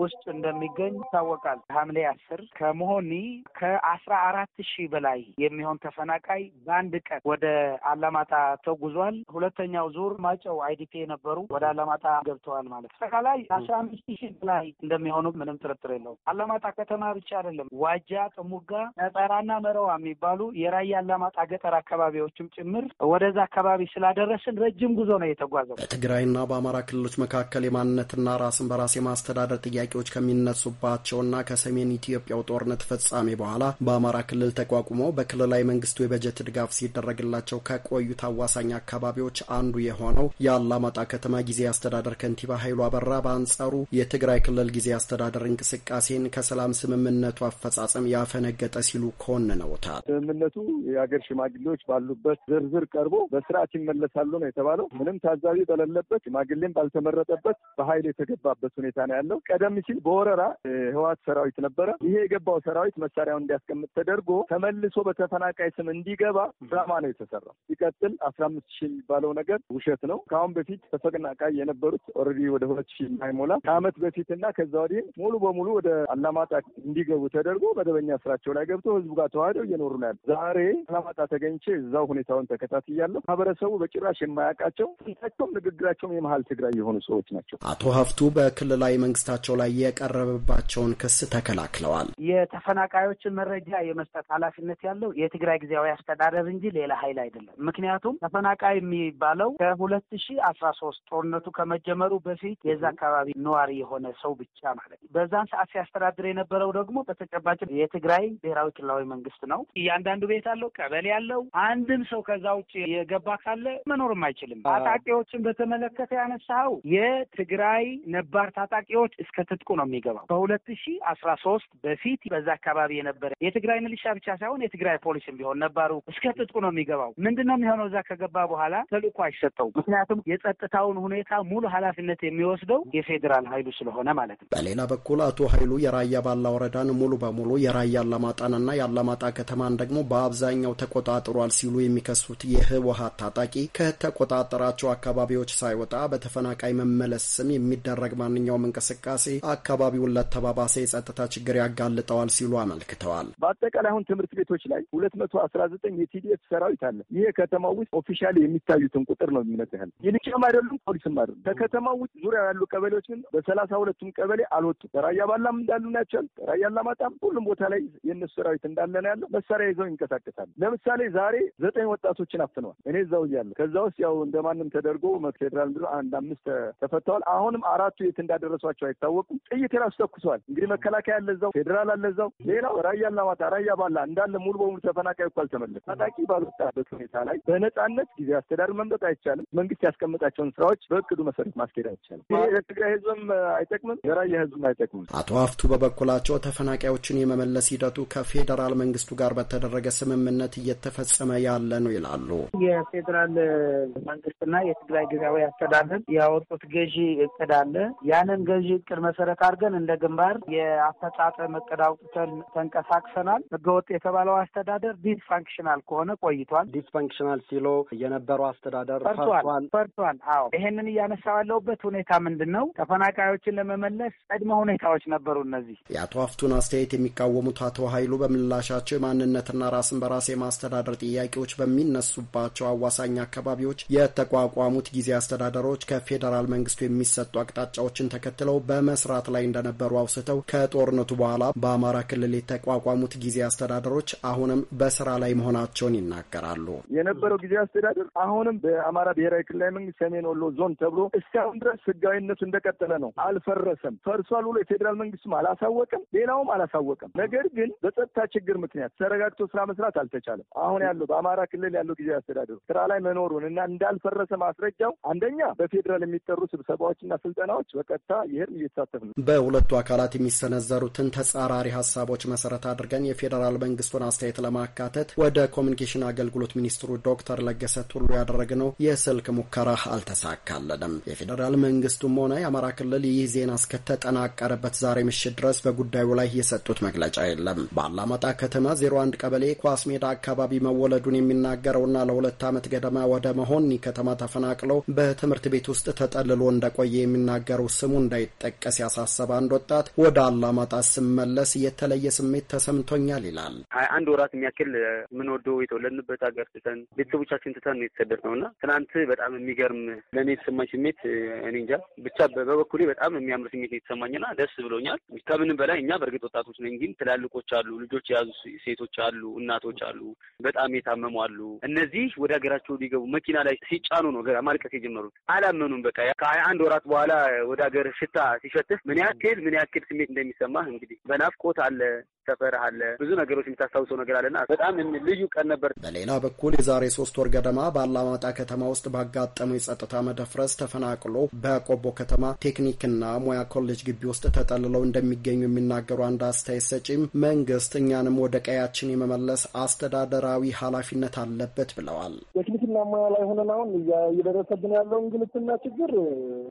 ውስጥ እንደሚገኝ ይታወቃል። ሐምሌ አስር ከመሆኒ ከአስራ አራት ሺህ በላይ የሚሆን ተፈናቃይ በአንድ ቀን ወደ አላማጣ ተጉዟል። ሁለተኛው ዙር ማጨው አይዲፒ የነበሩ ወደ አላማጣ ገብተዋል ማለት አጠቃላይ አስራ አምስት ሺህ በላይ እንደሚሆኑ ምንም ጥርጥር የለውም። አላማጣ ከተማ ብቻ አይደለም፣ ዋጃ፣ ጥሙጋ፣ ነጠራና መረዋ የሚባሉ የራያ አላማጣ ገጠር አካባቢዎችም ጭምር ወደዛ አካባቢ ስላደረስን ረጅም ጉዞ ነው የተጓዘው።
በትግራይና በአማራ ክልሎች መካከል የማንነትና ራስን በራስ የማስተዳደር ጥያቄዎች ከሚነሱባቸውና ከሰሜን ኢትዮጵያው ጦርነት ፍጻሜ በኋላ በአማራ ክልል ተቋቁሞ በክልላዊ መንግስቱ የበጀት ድጋፍ ሲደረግላቸው ከቆዩት አዋሳኝ አካባቢዎች አንዱ የሆነው የአላማጣ ከተማ ጊዜ አስተዳደር ከንቲባ ኃይሉ አበራ በአንጻሩ የትግራይ ክልል ጊዜ አስተዳደር እንቅስቃሴን ከሰላም ስምምነቱ አፈጻጸም ያፈነገጠ ሲሉ ኮንን አመስግነውታል።
ስምምነቱ የሀገር ሽማግሌዎች ባሉበት ዝርዝር ቀርቦ በስርዓት ይመለሳሉ ነው የተባለው። ምንም ታዛቢ በሌለበት ሽማግሌም ባልተመረጠበት በኃይል የተገባበት ሁኔታ ነው ያለው። ቀደም ሲል በወረራ የህወሓት ሰራዊት ነበረ። ይሄ የገባው ሰራዊት መሳሪያውን እንዲያስቀምጥ ተደርጎ ተመልሶ በተፈናቃይ ስም እንዲገባ ድራማ ነው የተሰራው። ሲቀጥል አስራ አምስት ሺህ የሚባለው ነገር ውሸት ነው። ከአሁን በፊት ተፈናቃይ የነበሩት ኦልሬዲ ወደ ሁለት ሺህ የማይሞላ ከአመት በፊትና ከዛ ወዲህ ሙሉ በሙሉ ወደ አላማጣ እንዲገቡ ተደርጎ መደበኛ ስራቸው ላይ ገብቶ ህዝቡ ጋር ተዋ ተዋህደው እየኖሩ ነው ያሉ። ዛሬ አላማጣ ተገኝቼ እዛው ሁኔታውን ተከታትያለሁ። ማህበረሰቡ በጭራሽ የማያውቃቸው ስልታቸውም ንግግራቸውም የመሀል ትግራይ የሆኑ ሰዎች ናቸው።
አቶ ሀፍቱ በክልላዊ መንግስታቸው ላይ የቀረበባቸውን ክስ ተከላክለዋል።
የተፈናቃዮችን መረጃ የመስጠት ኃላፊነት ያለው የትግራይ ጊዜያዊ አስተዳደር እንጂ ሌላ ኃይል አይደለም። ምክንያቱም ተፈናቃይ የሚባለው ከሁለት ሺ አስራ ሶስት ጦርነቱ ከመጀመሩ በፊት የዛ አካባቢ ነዋሪ የሆነ ሰው ብቻ ማለት ነው። በዛን ሰዓት ሲያስተዳድር የነበረው ደግሞ በተጨባጭ የትግራይ ብሔራዊ ክልላዊ መንግስት መንግስት ነው። እያንዳንዱ ቤት አለው፣ ቀበሌ አለው። አንድም ሰው ከዛ ውጭ የገባ ካለ መኖርም አይችልም። ታጣቂዎችን በተመለከተ ያነሳው የትግራይ ነባር ታጣቂዎች እስከ ትጥቁ ነው የሚገባው። በሁለት ሺ አስራ ሶስት በፊት በዛ አካባቢ የነበረ የትግራይ ሚሊሻ ብቻ ሳይሆን የትግራይ ፖሊስም ቢሆን ነባሩ እስከ ትጥቁ ነው የሚገባው። ምንድነው የሚሆነው? እዛ ከገባ በኋላ ተልእኮ አይሰጠው። ምክንያቱም የጸጥታውን ሁኔታ ሙሉ ኃላፊነት የሚወስደው የፌዴራል ኃይሉ ስለሆነ ማለት ነው።
በሌላ በኩል አቶ ኃይሉ የራያ ባላ ወረዳን ሙሉ በሙሉ የራያ አላማጣንና የአላማ የአላማጣ ከተማን ደግሞ በአብዛኛው ተቆጣጥሯል ሲሉ የሚከሱት የህወሀት ታጣቂ ከተቆጣጠራቸው አካባቢዎች ሳይወጣ በተፈናቃይ መመለስ ስም የሚደረግ ማንኛውም እንቅስቃሴ አካባቢውን ለተባባሰ የጸጥታ ችግር ያጋልጠዋል ሲሉ አመልክተዋል።
በአጠቃላይ አሁን ትምህርት ቤቶች ላይ ሁለት መቶ አስራ ዘጠኝ የቲዲኤፍ ሰራዊት አለ። ይሄ ከተማ ውስጥ ኦፊሻል የሚታዩትን ቁጥር ነው የሚነት ያህል ሚሊሻም አይደሉም ፖሊስም አይደሉም። ከከተማው ውስጥ ዙሪያ ያሉ ቀበሌዎች ግን በሰላሳ ሁለቱም ቀበሌ አልወጡም። ራያ ባላም እንዳሉ ናቸው። ራያ አላማጣም ሁሉም ቦታ ላይ የእነሱ ሰራዊት እንዳለ ነው ያለው። መሳሪያ ይዘው ይንቀሳቀሳሉ። ለምሳሌ ዛሬ ዘጠኝ ወጣቶችን አፍነዋል። እኔ እዛው እያለሁ ከዛ ውስጥ ያው እንደማንም ተደርጎ ፌዴራል ምድ አንድ አምስት ተፈተዋል። አሁንም አራቱ የት እንዳደረሷቸው አይታወቁም። ጥይት የራሱ ተኩሰዋል። እንግዲህ መከላከያ አለዛው፣ ፌዴራል አለዛው፣ ሌላው ራያ አላማጣ፣ ራያ ባላ እንዳለ ሙሉ በሙሉ ተፈናቃይ እኮ አልተመለሰ። ታጣቂ ባልወጣበት ሁኔታ ላይ በነጻነት ጊዜ አስተዳደር መምጠት አይቻልም። መንግስት ያስቀመጣቸውን ስራዎች በእቅዱ መሰረት ማስኬድ አይቻልም። የትግራይ ህዝብም አይጠቅምም፣ የራያ ህዝብም አይጠቅምም።
አቶ ሀፍቱ በበኩላቸው ተፈናቃዮችን የመመለስ ሂደቱ ከፌዴራል መንግስት መንግስቱ ጋር በተደረገ ስምምነት እየተፈጸመ ያለ ነው ይላሉ።
የፌዴራል መንግስትና የትግራይ ጊዜያዊ አስተዳደር ያወጡት ገዢ እቅድ አለ። ያንን ገዢ እቅድ መሰረት አድርገን እንደ ግንባር የአፈጻጸም እቅድ አውጥተን ተንቀሳቅሰናል። ህገወጥ የተባለው አስተዳደር ዲስፋንክሽናል ከሆነ ቆይቷል። ዲስፋንክሽናል ሲሎ የነበረው አስተዳደር ፈርቷል ፈርቷል። አዎ ይሄንን እያነሳ ያለውበት ሁኔታ ምንድን ነው? ተፈናቃዮችን ለመመለስ ቅድመ ሁኔታዎች ነበሩ እነዚህ።
የአቶ ሀፍቱን አስተያየት የሚቃወሙት አቶ ሀይሉ በምላሻቸው ያላቸው የማንነትና ራስን በራስ የማስተዳደር ጥያቄዎች በሚነሱባቸው አዋሳኝ አካባቢዎች የተቋቋሙት ጊዜ አስተዳደሮች ከፌዴራል መንግስቱ የሚሰጡ አቅጣጫዎችን ተከትለው በመስራት ላይ እንደነበሩ አውስተው ከጦርነቱ በኋላ በአማራ ክልል የተቋቋሙት ጊዜ አስተዳደሮች አሁንም በስራ ላይ መሆናቸውን ይናገራሉ።
የነበረው ጊዜ አስተዳደር አሁንም በአማራ ብሔራዊ ክልላዊ መንግስት ሰሜን ወሎ ዞን ተብሎ እስካሁን ድረስ ህጋዊነቱ እንደቀጠለ ነው። አልፈረሰም። ፈርሷል ብሎ የፌዴራል መንግስቱም አላሳወቅም፣ ሌላውም አላሳወቅም ነገር ግን በጸጥታ ችግር ምክንያት ምክንያት ተረጋግቶ ስራ መስራት አልተቻለም። አሁን ያለው በአማራ ክልል ያለው ጊዜ አስተዳደሩ ስራ ላይ መኖሩን እና እንዳልፈረሰ ማስረጃው አንደኛ በፌዴራል የሚጠሩ ስብሰባዎችና ስልጠናዎች በቀጥታ ይህን እየተሳተፍ ነው።
በሁለቱ አካላት የሚሰነዘሩትን ተጻራሪ ሀሳቦች መሰረት አድርገን የፌዴራል መንግስቱን አስተያየት ለማካተት ወደ ኮሚኒኬሽን አገልግሎት ሚኒስትሩ ዶክተር ለገሰ ቱሉ ያደረግነው የስልክ ሙከራ አልተሳካለንም። የፌዴራል መንግስቱም ሆነ የአማራ ክልል ይህ ዜና እስከተጠናቀረበት ዛሬ ምሽት ድረስ በጉዳዩ ላይ የሰጡት መግለጫ የለም። በአላማጣ ከተማ ከተማ 01 ቀበሌ ኳስ ሜዳ አካባቢ መወለዱን የሚናገረውና ለሁለት ዓመት ገደማ ወደ መሆኒ ከተማ ተፈናቅሎ በትምህርት ቤት ውስጥ ተጠልሎ እንደቆየ የሚናገረው ስሙ እንዳይጠቀስ ያሳሰበ አንድ ወጣት ወደ አላማጣ ስመለስ የተለየ ስሜት ተሰምቶኛል ይላል።
ሀያ አንድ ወራት የሚያክል የምንወደው የተወለድንበት ሀገር ትተን ቤተሰቦቻችን ትተን ነው የተሰደድ ነው እና ትናንት በጣም የሚገርም ለእኔ የተሰማኝ ስሜት እኔ እንጃ ብቻ በበኩሌ በጣም የሚያምር ስሜት የተሰማኝና ደስ ብሎኛል። ከምንም በላይ እኛ በእርግጥ ወጣቶች ነን፣ ግን ትላልቆች አሉ ልጆች የያዙ ሴቶች አሉ፣ እናቶች አሉ፣ በጣም የታመሙ አሉ። እነዚህ ወደ ሀገራቸው ሊገቡ መኪና ላይ ሲጫኑ ነው ማልቀስ የጀመሩት። አላመኑም። በቃ ከሀያ አንድ ወራት በኋላ ወደ ሀገር ሽታ ሲሸትፍ ምን ያክል ምን ያክል ስሜት እንደሚሰማህ እንግዲህ በናፍቆት አለ፣ ሰፈር አለ፣ ብዙ ነገሮች የምታስታውሰው ነገር አለና በጣም ልዩ ቀን ነበር። በሌላ
በኩል የዛሬ ሶስት ወር ገደማ በአላማጣ ከተማ ውስጥ ባጋጠመው የጸጥታ መደፍረስ ተፈናቅሎ በቆቦ ከተማ ቴክኒክና ሙያ ኮሌጅ ግቢ ውስጥ ተጠልለው እንደሚገኙ የሚናገሩ አንድ አስተያየት ሰጪም መንግስት እኛንም ወደ ቀያችን የመመለስ አስተዳደራዊ ኃላፊነት አለበት ብለዋል።
ቴክኒክና ሙያ ላይ ሆነን አሁን እየደረሰብን ያለው እንግልትና ችግር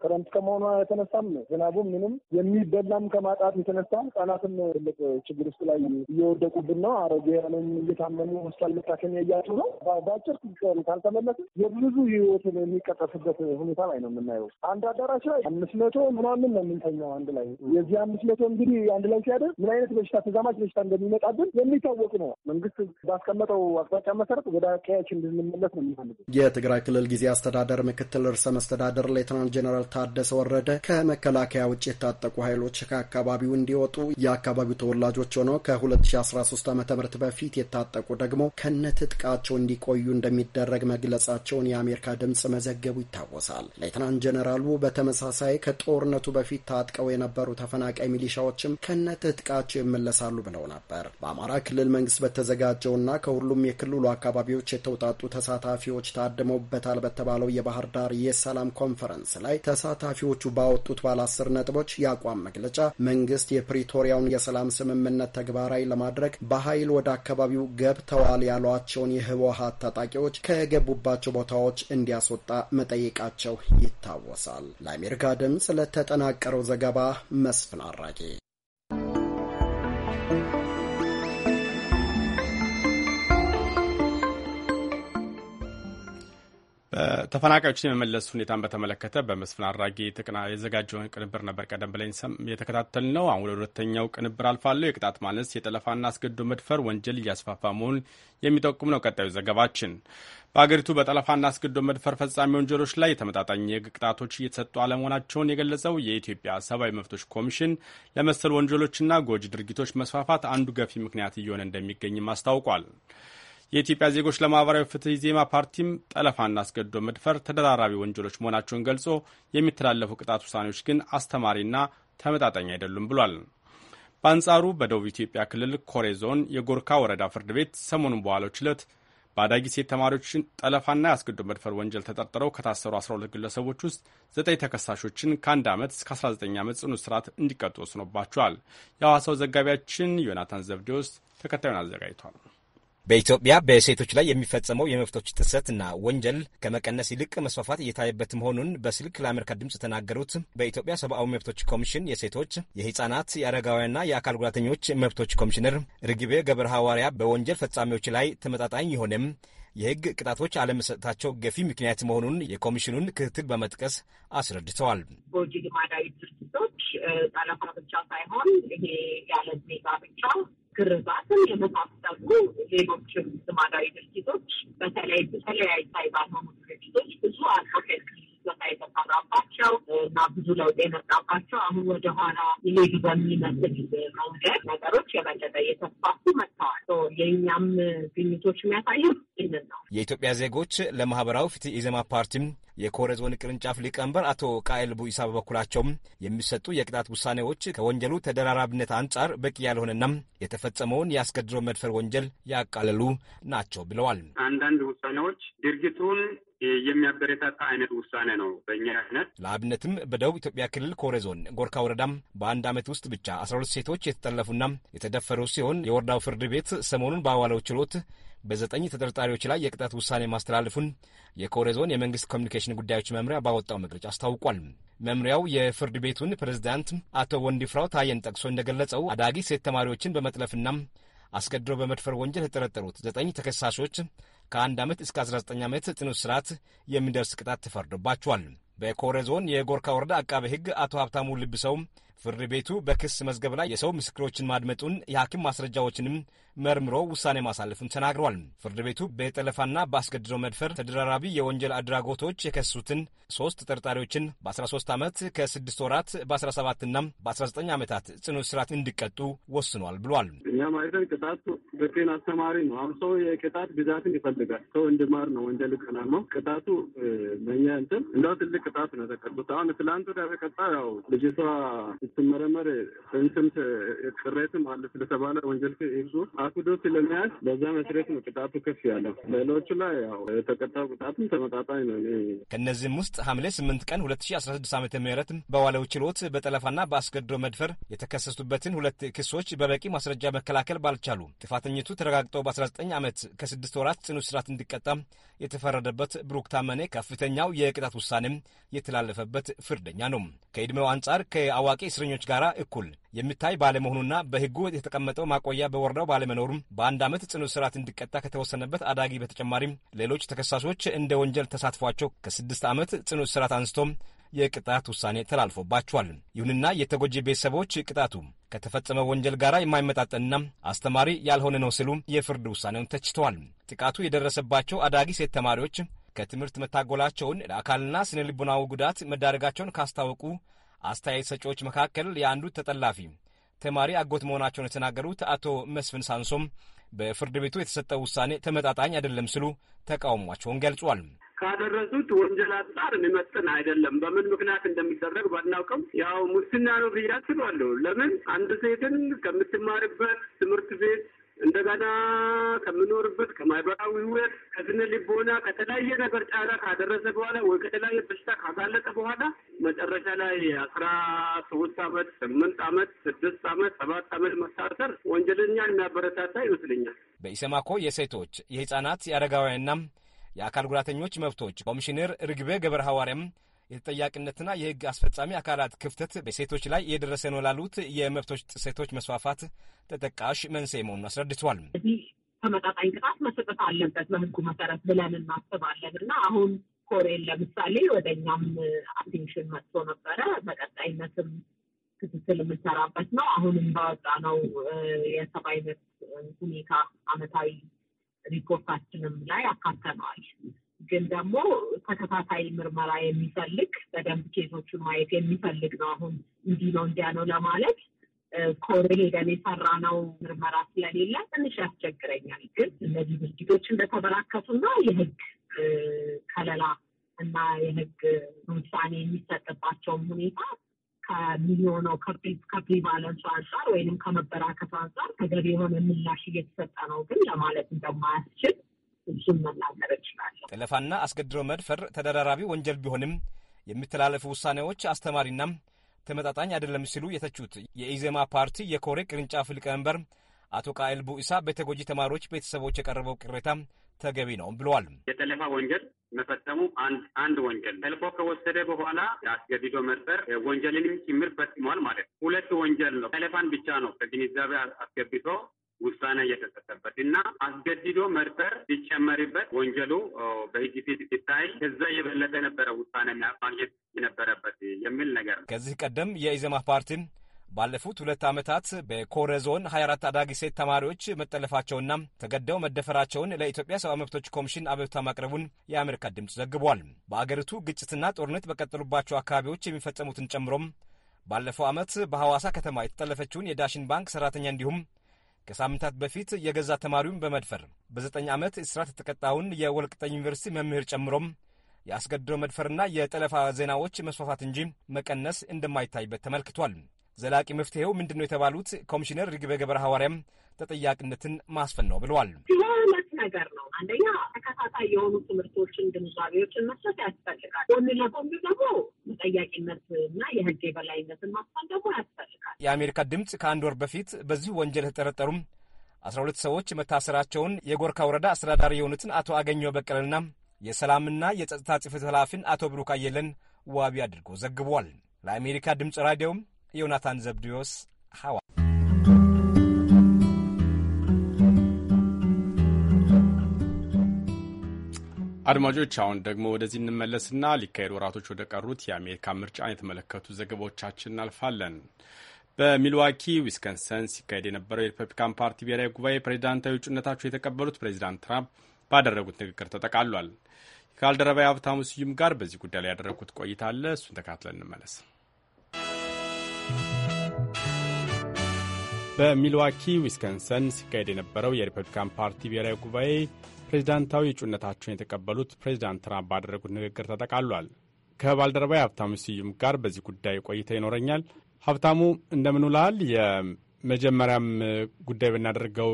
ክረምት ከመሆኗ የተነሳም ዝናቡም ምንም የሚበላም ከማጣት የተነሳ ህጻናትም ትልቅ ችግር ውስጥ ላይ እየወደቁብን ነው። አረጋውያንም እየታመሙ ሆስፒታል መታከሚያ እያጡ ነው። በአጭር ቀን ካልተመለሰ የብዙ ህይወትን የሚቀጠፍበት ሁኔታ ላይ ነው የምናየው። አንድ አዳራሽ ላይ አምስት መቶ ምናምን ነው የምንተኛው አንድ ላይ። የዚህ አምስት መቶ እንግዲህ አንድ ላይ ሲያደርግ ምን አይነት በሽታ ተዛማች በሽታ እንደሚመጣብን የሚታወቅ ነው። መንግስት ባስቀመጠው አቅጣጫ መሰረት ወደ ቀያችን እንድንመለስ ነው የሚፈልገው።
የትግራይ ክልል ጊዜ አስተዳደር ምክትል ርዕሰ መስተዳደር ሌትናንት ጀነራል ታደሰ ወረደ ከመከላከያ ውጭ የታጠቁ ኃይሎች ከአካባቢው እንዲወጡ የአካባቢው ተወላጆች ሆነው ከ2013 ዓ ም በፊት የታጠቁ ደግሞ ከነትጥቃቸው እንዲቆዩ እንደሚደረግ መግለጻቸውን የአሜሪካ ድምፅ መዘገቡ ይታወሳል። ሌትናንት ጀነራሉ በተመሳሳይ ከጦርነቱ በፊት ታጥቀው የነበሩ ተፈናቃይ ሚሊሻዎችም ከነትጥቃቸው ይመለሳሉ ብለው ነበር። በአማራ ክልል መንግስት በተዘጋጀውና ከሁሉም የክልሉ አካባቢዎች የተውጣጡ ተሳታፊዎች ታድመውበታል በተባለው የባህር ዳር የሰላም ኮንፈረንስ ላይ ተሳታፊዎቹ ባወጡት ባለ አስር ነጥቦች የአቋም መግለጫ መንግስት የፕሪቶሪያውን የሰላም ስምምነት ተግባራዊ ለማድረግ በኃይል ወደ አካባቢው ገብተዋል ያሏቸውን የህወሀት ታጣቂዎች ከገቡባቸው ቦታዎች እንዲያስወጣ መጠየቃቸው ይታወሳል። ለአሜሪካ ድምፅ ለተጠናቀረው ዘገባ መስፍን አራጌ
ተፈናቃዮችን የመመለስ ሁኔታን በተመለከተ በመስፍን አራጌ የዘጋጀውን ቅንብር ነበር ቀደም ብለን የተከታተል ነው። አሁን ወደ ሁለተኛው ቅንብር አልፋለሁ። የቅጣት ማነስ የጠለፋና አስገድዶ መድፈር ወንጀል እያስፋፋ መሆኑን የሚጠቁም ነው ቀጣዩ ዘገባችን። በአገሪቱ በጠለፋና አስገድዶ መድፈር ፈጻሚ ወንጀሎች ላይ የተመጣጣኝ የህግ ቅጣቶች እየተሰጡ አለመሆናቸውን የገለጸው የኢትዮጵያ ሰብአዊ መብቶች ኮሚሽን ለመሰል ወንጀሎችና ጎጂ ድርጊቶች መስፋፋት አንዱ ገፊ ምክንያት እየሆነ እንደሚገኝም አስታውቋል። የኢትዮጵያ ዜጎች ለማህበራዊ ፍትህ ዜማ ፓርቲም ጠለፋና አስገድዶ መድፈር ተደራራቢ ወንጀሎች መሆናቸውን ገልጾ የሚተላለፉ ቅጣት ውሳኔዎች ግን አስተማሪና ተመጣጣኝ አይደሉም ብሏል። በአንጻሩ በደቡብ ኢትዮጵያ ክልል ኮሬ ዞን የጎርካ ወረዳ ፍርድ ቤት ሰሞኑን በዋለው ችሎት በአዳጊ ሴት ተማሪዎችን ጠለፋና የአስገድዶ መድፈር ወንጀል ተጠርጥረው ከታሰሩ 12 ግለሰቦች ውስጥ ዘጠኝ ተከሳሾችን ከአንድ ዓመት እስከ 19 ዓመት ጽኑ እስራት እንዲቀጡ ወስኖባቸዋል። የሐዋሳው ዘጋቢያችን ዮናታን ዘብዴዎስ ተከታዩን አዘጋጅቷል።
በኢትዮጵያ በሴቶች ላይ የሚፈጸመው የመብቶች ጥሰትና ወንጀል ከመቀነስ ይልቅ መስፋፋት እየታየበት መሆኑን በስልክ ለአሜሪካ ድምፅ የተናገሩት በኢትዮጵያ ሰብአዊ መብቶች ኮሚሽን የሴቶች፣ የህጻናት፣ የአረጋውያንና የአካል ጉዳተኞች መብቶች ኮሚሽነር ርግቤ ገብረ ሐዋርያ በወንጀል ፈጻሚዎች ላይ ተመጣጣኝ የሆነም የህግ ቅጣቶች አለመሰጠታቸው ገፊ ምክንያት መሆኑን የኮሚሽኑን ክትትል በመጥቀስ አስረድተዋል።
ጎጂ ልማዳዊ ድርጊቶች ጠለፋ ብቻ ሳይሆን ይሄ ያለ ዜጋ ብቻ ግርዛትን የመሳሰሉ ሌሎችም ልማዳዊ ድርጊቶች በተለይ በተለያዩ ባልሆኑ ድርጅቶች ብዙ አድቮኬት ቦታ የተሰራባቸው እና ብዙ ለውጥ የመጣባቸው አሁን ወደኋላ ይሄዱ በሚመስል መንገድ ነገሮች የበለጠ እየተስፋፉ መጥተዋል። የእኛም ግኝቶች የሚያሳዩ ይህንን ነው።
የኢትዮጵያ ዜጎች ለማህበራዊ ፍትህ ኢዜማ ፓርቲም የኮረ ዞን ቅርንጫፍ ሊቀመንበር አቶ ቃኤል ቡኢሳ በበኩላቸውም የሚሰጡ የቅጣት ውሳኔዎች ከወንጀሉ ተደራራቢነት አንጻር በቂ ያልሆነና የተፈጸመውን የአስገድዶ መድፈር ወንጀል ያቃለሉ ናቸው ብለዋል።
አንዳንድ ውሳኔዎች ድርጊቱን የሚያበረታታ አይነት ውሳኔ ነው። በእኛ አይነት
ለአብነትም በደቡብ ኢትዮጵያ ክልል ኮሬ ዞን ጎርካ ወረዳም በአንድ ዓመት ውስጥ ብቻ አስራ ሁለት ሴቶች የተጠለፉና የተደፈሩ ሲሆን የወረዳው ፍርድ ቤት ሰሞኑን በአዋለው ችሎት በዘጠኝ ተጠርጣሪዎች ላይ የቅጣት ውሳኔ ማስተላለፉን የኮሬ ዞን የመንግስት ኮሚኒኬሽን ጉዳዮች መምሪያ ባወጣው መግለጫ አስታውቋል። መምሪያው የፍርድ ቤቱን ፕሬዝዳንት አቶ ወንድፍራው ታየን ጠቅሶ እንደገለጸው አዳጊ ሴት ተማሪዎችን በመጥለፍና አስገድሮ በመድፈር ወንጀል የተጠረጠሩት ዘጠኝ ተከሳሾች ከአንድ ዓመት እስከ 19 ዓመት ጽኑ እስራት የሚደርስ ቅጣት ተፈርዶባቸዋል። በኮሬ ዞን የጎርካ ወረዳ አቃቤ ሕግ አቶ ሀብታሙ ልብሰው ፍርድ ቤቱ በክስ መዝገብ ላይ የሰው ምስክሮችን ማድመጡን የሐኪም ማስረጃዎችንም መርምሮ ውሳኔ ማሳለፉን ተናግሯል። ፍርድ ቤቱ በጠለፋና በአስገድዶ መድፈር ተደራራቢ የወንጀል አድራጎቶች የከሱትን ሶስት ተጠርጣሪዎችን በ13 ዓመት ከ6 ወራት በ17ና በ19 ዓመታት ጽኑ እስራት እንዲቀጡ ወስኗል ብሏል። እኛ
ማለትን ቅጣት በጤና አስተማሪ ነው። አሁን ሰው የቅጣት ብዛትን ይፈልጋል። ሰው እንድማር ነው ወንጀል ቀናማው ቅጣቱ በእኛ እንትን እንደው ትልቅ ቅጣት ነው ተቀጡት። አሁን ትላንቱ ደረቀጣ ያው ልጅቷ ስትመረመር እንትም ቅሬትም አለ ስለተባለ ወንጀል ይዞ አክዶ ስለመያዝ በዛ መሰረት ነው ቅጣቱ ከፍ ያለው። ሌሎቹ ላይ ያው የተቀጣው
ቅጣትም ተመጣጣኝ ነው። ከእነዚህም ውስጥ ሐምሌ ስምንት ቀን ሁለት ሺ አስራ ስድስት ዓመተ ምህረት በዋለው ችሎት በጠለፋና በአስገድዶ መድፈር የተከሰሱበትን ሁለት ክሶች በበቂ ማስረጃ መከላከል ባልቻሉ ጥፋተኝቱ ተረጋግጠው በ19 ዓመት ከስድስት ወራት ጽኑ እስራት እንዲቀጣም የተፈረደበት ብሩክ ታመኔ ከፍተኛው የቅጣት ውሳኔም የተላለፈበት ፍርደኛ ነው። ከዕድሜው አንጻር ከአዋቂ ከእስረኞች ጋር እኩል የሚታይ ባለመሆኑና በሕጉ የተቀመጠው ማቆያ በወረዳው ባለመኖሩም በአንድ ዓመት ጽኑ እስራት እንዲቀጣ ከተወሰነበት አዳጊ በተጨማሪም ሌሎች ተከሳሾች እንደ ወንጀል ተሳትፏቸው ከስድስት ዓመት ጽኑ እስራት አንስቶም የቅጣት ውሳኔ ተላልፎባቸዋል። ይሁንና የተጎጂ ቤተሰቦች ቅጣቱ ከተፈጸመ ወንጀል ጋር የማይመጣጠንና አስተማሪ ያልሆነ ነው ሲሉ የፍርድ ውሳኔውን ተችተዋል። ጥቃቱ የደረሰባቸው አዳጊ ሴት ተማሪዎች ከትምህርት መታጎላቸውን ለአካልና ስነ ልቡናዊ ጉዳት መዳረጋቸውን ካስታወቁ አስተያየት ሰጪዎች መካከል የአንዱ ተጠላፊ ተማሪ አጎት መሆናቸውን የተናገሩት አቶ መስፍን ሳንሶም በፍርድ ቤቱ የተሰጠው ውሳኔ ተመጣጣኝ አይደለም ሲሉ ተቃውሟቸውን
ገልጿል።
ካደረሱት ወንጀል አንጻር የሚመጥን አይደለም። በምን ምክንያት እንደሚደረግ ባናውቅም ያው ሙስና ነው ብዬ አስባለሁ። ለምን አንድ ሴትን ከምትማርበት ትምህርት ቤት እንደገና ከምኖርበት ከማህበራዊ ህይወት ከስነ ልቦና ከተለያየ ነገር ጫና ካደረሰ በኋላ ወይ ከተለያየ በሽታ ካጋለጠ በኋላ መጨረሻ ላይ አስራ ሶስት አመት ስምንት አመት ስድስት አመት ሰባት አመት መታሰር ወንጀለኛን የሚያበረታታ ይመስለኛል።
በኢሰማኮ የሴቶች የህጻናት የአረጋውያንና የአካል ጉዳተኞች መብቶች ኮሚሽነር ርግቤ ገብረ ሐዋርያም የተጠያቂነትና የህግ አስፈጻሚ አካላት ክፍተት በሴቶች ላይ እየደረሰ ነው ላሉት የመብቶች ጥሰቶች መስፋፋት ተጠቃሽ መንስኤ መሆኑን አስረድቷል።
ተመጣጣኝ ቅጣት መሰጠት አለበት በህጉ መሰረት ብለን እናስባለን እና አሁን ኮሬን ለምሳሌ ወደ እኛም አቴንሽን መጥቶ ነበረ። በቀጣይነትም ክትትል የምንሰራበት ነው። አሁንም በወጣ ነው መብት ሁኔታ አመታዊ ሪፖርታችንም ላይ አካተነዋል። ግን ደግሞ ተከታታይ ምርመራ የሚፈልግ በደንብ ኬዞቹን ማየት የሚፈልግ ነው። አሁን እንዲህ ነው እንዲያ ነው ለማለት ኮሬ ሄደን ነው ምርመራ ስለሌለ ትንሽ ያስቸግረኛል። ግን እነዚህ ድርጊቶች እንደተበራከቱና የህግ ከለላ እና የህግ ውሳኔ የሚሰጥባቸውም ሁኔታ ከሚሆነው ከፕሪቫለንሱ አንጻር ወይንም ከመበራከቱ አንጻር ተገቢ የሆነ ምላሽ እየተሰጠ ነው ግን ለማለት እንደማያስችል እሱን መናገር እችላለሁ።
ጠለፋና አስገድዶ መድፈር ተደራራቢ ወንጀል ቢሆንም የሚተላለፉ ውሳኔዎች አስተማሪና ተመጣጣኝ አይደለም ሲሉ የተቹት የኢዜማ ፓርቲ የኮሬ ቅርንጫፍ ሊቀመንበር አቶ ቃኤል ቡኢሳ በተጎጂ ተማሪዎች ቤተሰቦች የቀረበው ቅሬታ ተገቢ ነው ብለዋል።
የጠለፋ ወንጀል መፈጸሙ አንድ አንድ ወንጀል ተልፎ ከወሰደ በኋላ አስገድዶ መድፈር ወንጀልንም ጭምር ፈጽሟል ማለት ነው። ሁለት ወንጀል ነው። ጠለፋን ብቻ ነው ከግንዛቤ አስገብቶ ውሳኔ እየተሰጠበት እና አስገድዶ መድፈር ሲጨመርበት ወንጀሉ በህግ ፊት ሲታይ ከዛ የበለጠ የነበረ ውሳኔ ማግኘት የነበረበት የሚል ነገር ነው።
ከዚህ ቀደም የኢዘማ ፓርቲን ባለፉት ሁለት ዓመታት በኮረ ዞን 24 አዳጊ ሴት ተማሪዎች መጠለፋቸውና ተገደው መደፈራቸውን ለኢትዮጵያ ሰብአዊ መብቶች ኮሚሽን አቤቱታ ማቅረቡን የአሜሪካ ድምፅ ዘግቧል። በአገሪቱ ግጭትና ጦርነት በቀጠሉባቸው አካባቢዎች የሚፈጸሙትን ጨምሮም ባለፈው ዓመት በሐዋሳ ከተማ የተጠለፈችውን የዳሽን ባንክ ሰራተኛ እንዲሁም ከሳምንታት በፊት የገዛ ተማሪውን በመድፈር በዘጠኝ ዓመት እስራት የተቀጣውን የወልቅጠኝ ዩኒቨርሲቲ መምህር ጨምሮም የአስገድዶ መድፈርና የጠለፋ ዜናዎች መስፋፋት እንጂ መቀነስ እንደማይታይበት ተመልክቷል። ዘላቂ መፍትሄው ምንድን ነው የተባሉት ኮሚሽነር ርግቤ ገብረ ሐዋርያም ተጠያቂነትን ማስፈን ነው ብለዋል።
ነገር ነው። አንደኛ ተከታታይ የሆኑ ትምህርቶችን፣ ግንዛቤዎችን መስጠት ያስፈልጋል። ጎን ለጎን ደግሞ ተጠያቂነት እና የህግ የበላይነትን ማስፋን ደግሞ ያስፈልጋል።
የአሜሪካ ድምፅ ከአንድ ወር በፊት በዚህ ወንጀል የተጠረጠሩም አስራ ሁለት ሰዎች መታሰራቸውን የጎርካ ወረዳ አስተዳዳሪ የሆኑትን አቶ አገኘው በቀለና የሰላምና የጸጥታ ጽሕፈት ኃላፊን አቶ ብሩክ አየለን ዋቢ አድርጎ ዘግቧል። ለአሜሪካ ድምፅ ራዲዮም ዮናታን ዘብድዮስ ሐዋ
አድማጮች አሁን ደግሞ ወደዚህ እንመለስና ሊካሄድ ወራቶች ወደ ቀሩት የአሜሪካ ምርጫን የተመለከቱ ዘገባዎቻችን እናልፋለን። በሚልዋኪ ዊስከንሰን ሲካሄድ የነበረው የሪፐብሊካን ፓርቲ ብሔራዊ ጉባኤ ፕሬዚዳንታዊ እጩነታቸው የተቀበሉት ፕሬዚዳንት ትራምፕ ባደረጉት ንግግር ተጠቃሏል። ከአልደረባ ሀብታሙ ስዩም ጋር በዚህ ጉዳይ ላይ ያደረግኩት ቆይታ አለ። እሱን ተካትለን እንመለስ። በሚልዋኪ ዊስከንሰን ሲካሄድ የነበረው የሪፐብሊካን ፓርቲ ብሔራዊ ጉባኤ ፕሬዚዳንታዊ እጩነታቸውን የተቀበሉት ፕሬዚዳንት ትራምፕ ባደረጉት ንግግር ተጠቃሏል። ከባልደረባዊ ሀብታሙ ስዩም ጋር በዚህ ጉዳይ ቆይታ ይኖረኛል። ሀብታሙ እንደምን ውለሃል? የመጀመሪያም ጉዳይ ብናደርገው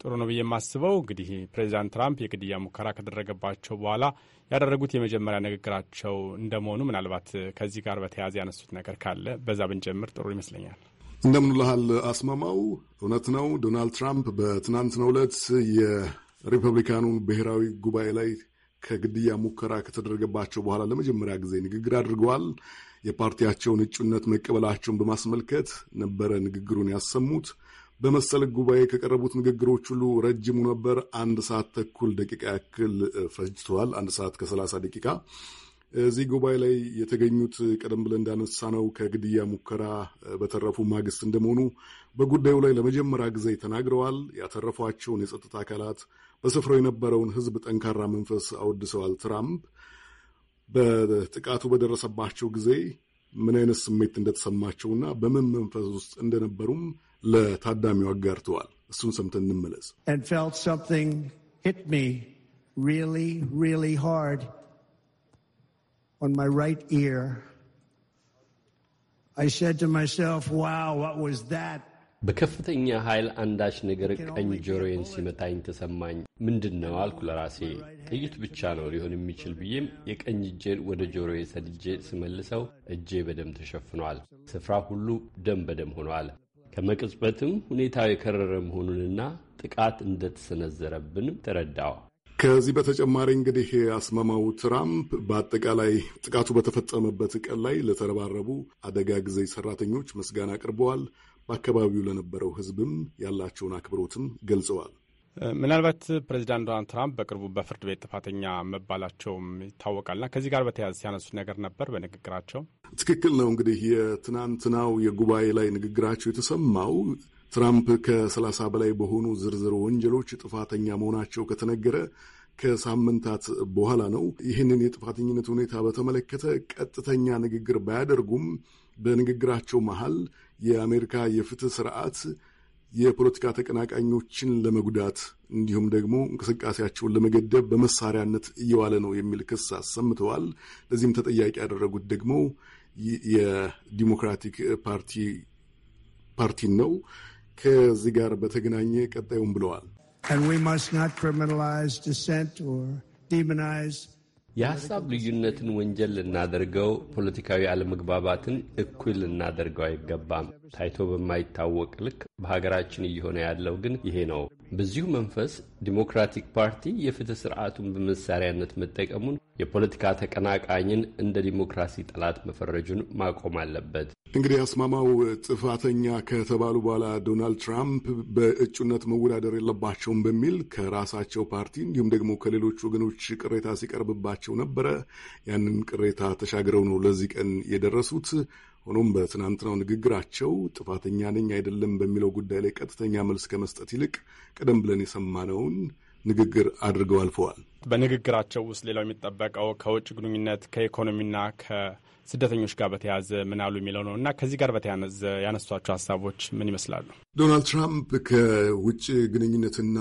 ጥሩ ነው ብዬ የማስበው እንግዲህ ፕሬዚዳንት ትራምፕ የግድያ ሙከራ ከደረገባቸው በኋላ ያደረጉት የመጀመሪያ ንግግራቸው እንደመሆኑ ምናልባት ከዚህ ጋር በተያያዘ ያነሱት ነገር ካለ በዛ ብንጀምር ጥሩ ይመስለኛል።
እንደምንልሃል አስማማው፣ እውነት ነው ዶናልድ ትራምፕ በትናንትናው ዕለት ሪፐብሊካኑን ብሔራዊ ጉባኤ ላይ ከግድያ ሙከራ ከተደረገባቸው በኋላ ለመጀመሪያ ጊዜ ንግግር አድርገዋል። የፓርቲያቸውን እጩነት መቀበላቸውን በማስመልከት ነበረ ንግግሩን ያሰሙት። በመሰል ጉባኤ ከቀረቡት ንግግሮች ሁሉ ረጅሙ ነበር። አንድ ሰዓት ተኩል ደቂቃ ያክል ፈጅተዋል። አንድ ሰዓት ከሰላሳ ደቂቃ እዚህ ጉባኤ ላይ የተገኙት ቀደም ብለን እንዳነሳ ነው ከግድያ ሙከራ በተረፉ ማግስት እንደመሆኑ በጉዳዩ ላይ ለመጀመሪያ ጊዜ ተናግረዋል። ያተረፏቸውን የጸጥታ አካላት፣ በስፍራው የነበረውን ሕዝብ ጠንካራ መንፈስ አወድሰዋል። ትራምፕ በጥቃቱ በደረሰባቸው ጊዜ ምን አይነት ስሜት እንደተሰማቸውና በምን መንፈስ ውስጥ እንደነበሩም ለታዳሚው አጋርተዋል። እሱን ሰምተን እንመለስ።
on my right ear. I said to myself, wow, what was that?
በከፍተኛ ኃይል አንዳች ነገር ቀኝ ጆሮዬን ሲመታኝ ተሰማኝ። ምንድን ነው አልኩ ለራሴ። ጥይት ብቻ ነው ሊሆን የሚችል ብዬም የቀኝ እጄን ወደ ጆሮዬ ሰድጄ ስመልሰው እጄ በደም ተሸፍኗል። ስፍራ ሁሉ ደም በደም ሆኗል። ከመቅጽበትም ሁኔታው የከረረ መሆኑንና
ጥቃት እንደተሰነዘረብንም ተረዳው። ከዚህ በተጨማሪ እንግዲህ አስማማው ትራምፕ በአጠቃላይ ጥቃቱ በተፈጸመበት ቀን ላይ ለተረባረቡ አደጋ ጊዜ ሰራተኞች ምስጋና አቅርበዋል። በአካባቢው ለነበረው ሕዝብም ያላቸውን አክብሮትም ገልጸዋል።
ምናልባት ፕሬዚዳንት ዶናልድ ትራምፕ በቅርቡ በፍርድ ቤት ጥፋተኛ መባላቸውም ይታወቃልና ከዚህ ጋር በተያያዘ ሲያነሱት ነገር ነበር በንግግራቸው።
ትክክል ነው። እንግዲህ የትናንትናው የጉባኤ ላይ ንግግራቸው የተሰማው ትራምፕ ከሰላሳ በላይ በሆኑ ዝርዝር ወንጀሎች ጥፋተኛ መሆናቸው ከተነገረ ከሳምንታት በኋላ ነው። ይህንን የጥፋተኝነት ሁኔታ በተመለከተ ቀጥተኛ ንግግር ባያደርጉም በንግግራቸው መሃል የአሜሪካ የፍትህ ስርዓት የፖለቲካ ተቀናቃኞችን ለመጉዳት እንዲሁም ደግሞ እንቅስቃሴያቸውን ለመገደብ በመሳሪያነት እየዋለ ነው የሚል ክስ አሰምተዋል። ለዚህም ተጠያቂ ያደረጉት ደግሞ የዲሞክራቲክ ፓርቲ ፓርቲን ነው። ከዚህ ጋር በተገናኘ ቀጣዩም ብለዋል።
የሐሳብ ልዩነትን ወንጀል ልናደርገው፣ ፖለቲካዊ አለመግባባትን እኩል ልናደርገው አይገባም። ታይቶ በማይታወቅ ልክ በሀገራችን እየሆነ ያለው ግን ይሄ ነው። በዚሁ መንፈስ ዲሞክራቲክ ፓርቲ የፍትህ ስርዓቱን በመሳሪያነት መጠቀሙን የፖለቲካ ተቀናቃኝን እንደ ዲሞክራሲ ጠላት መፈረጁን ማቆም አለበት።
እንግዲህ አስማማው፣ ጥፋተኛ ከተባሉ በኋላ ዶናልድ ትራምፕ በእጩነት መወዳደር የለባቸውም በሚል ከራሳቸው ፓርቲ እንዲሁም ደግሞ ከሌሎች ወገኖች ቅሬታ ሲቀርብባቸው ነበረ። ያንን ቅሬታ ተሻግረው ነው ለዚህ ቀን የደረሱት። ሆኖም በትናንትናው ንግግራቸው ጥፋተኛ ነኝ አይደለም በሚለው ጉዳይ ላይ ቀጥተኛ መልስ ከመስጠት ይልቅ ቀደም ብለን የሰማነውን ንግግር አድርገው አልፈዋል። በንግግራቸው ውስጥ ሌላው
የሚጠበቀው ከውጭ ግንኙነት ከኢኮኖሚና ከስደተኞች ጋር በተያያዘ ምን አሉ የሚለው ነው እና ከዚህ ጋር በተያያዘ ያነሷቸው ሀሳቦች ምን ይመስላሉ?
ዶናልድ ትራምፕ ከውጭ ግንኙነትና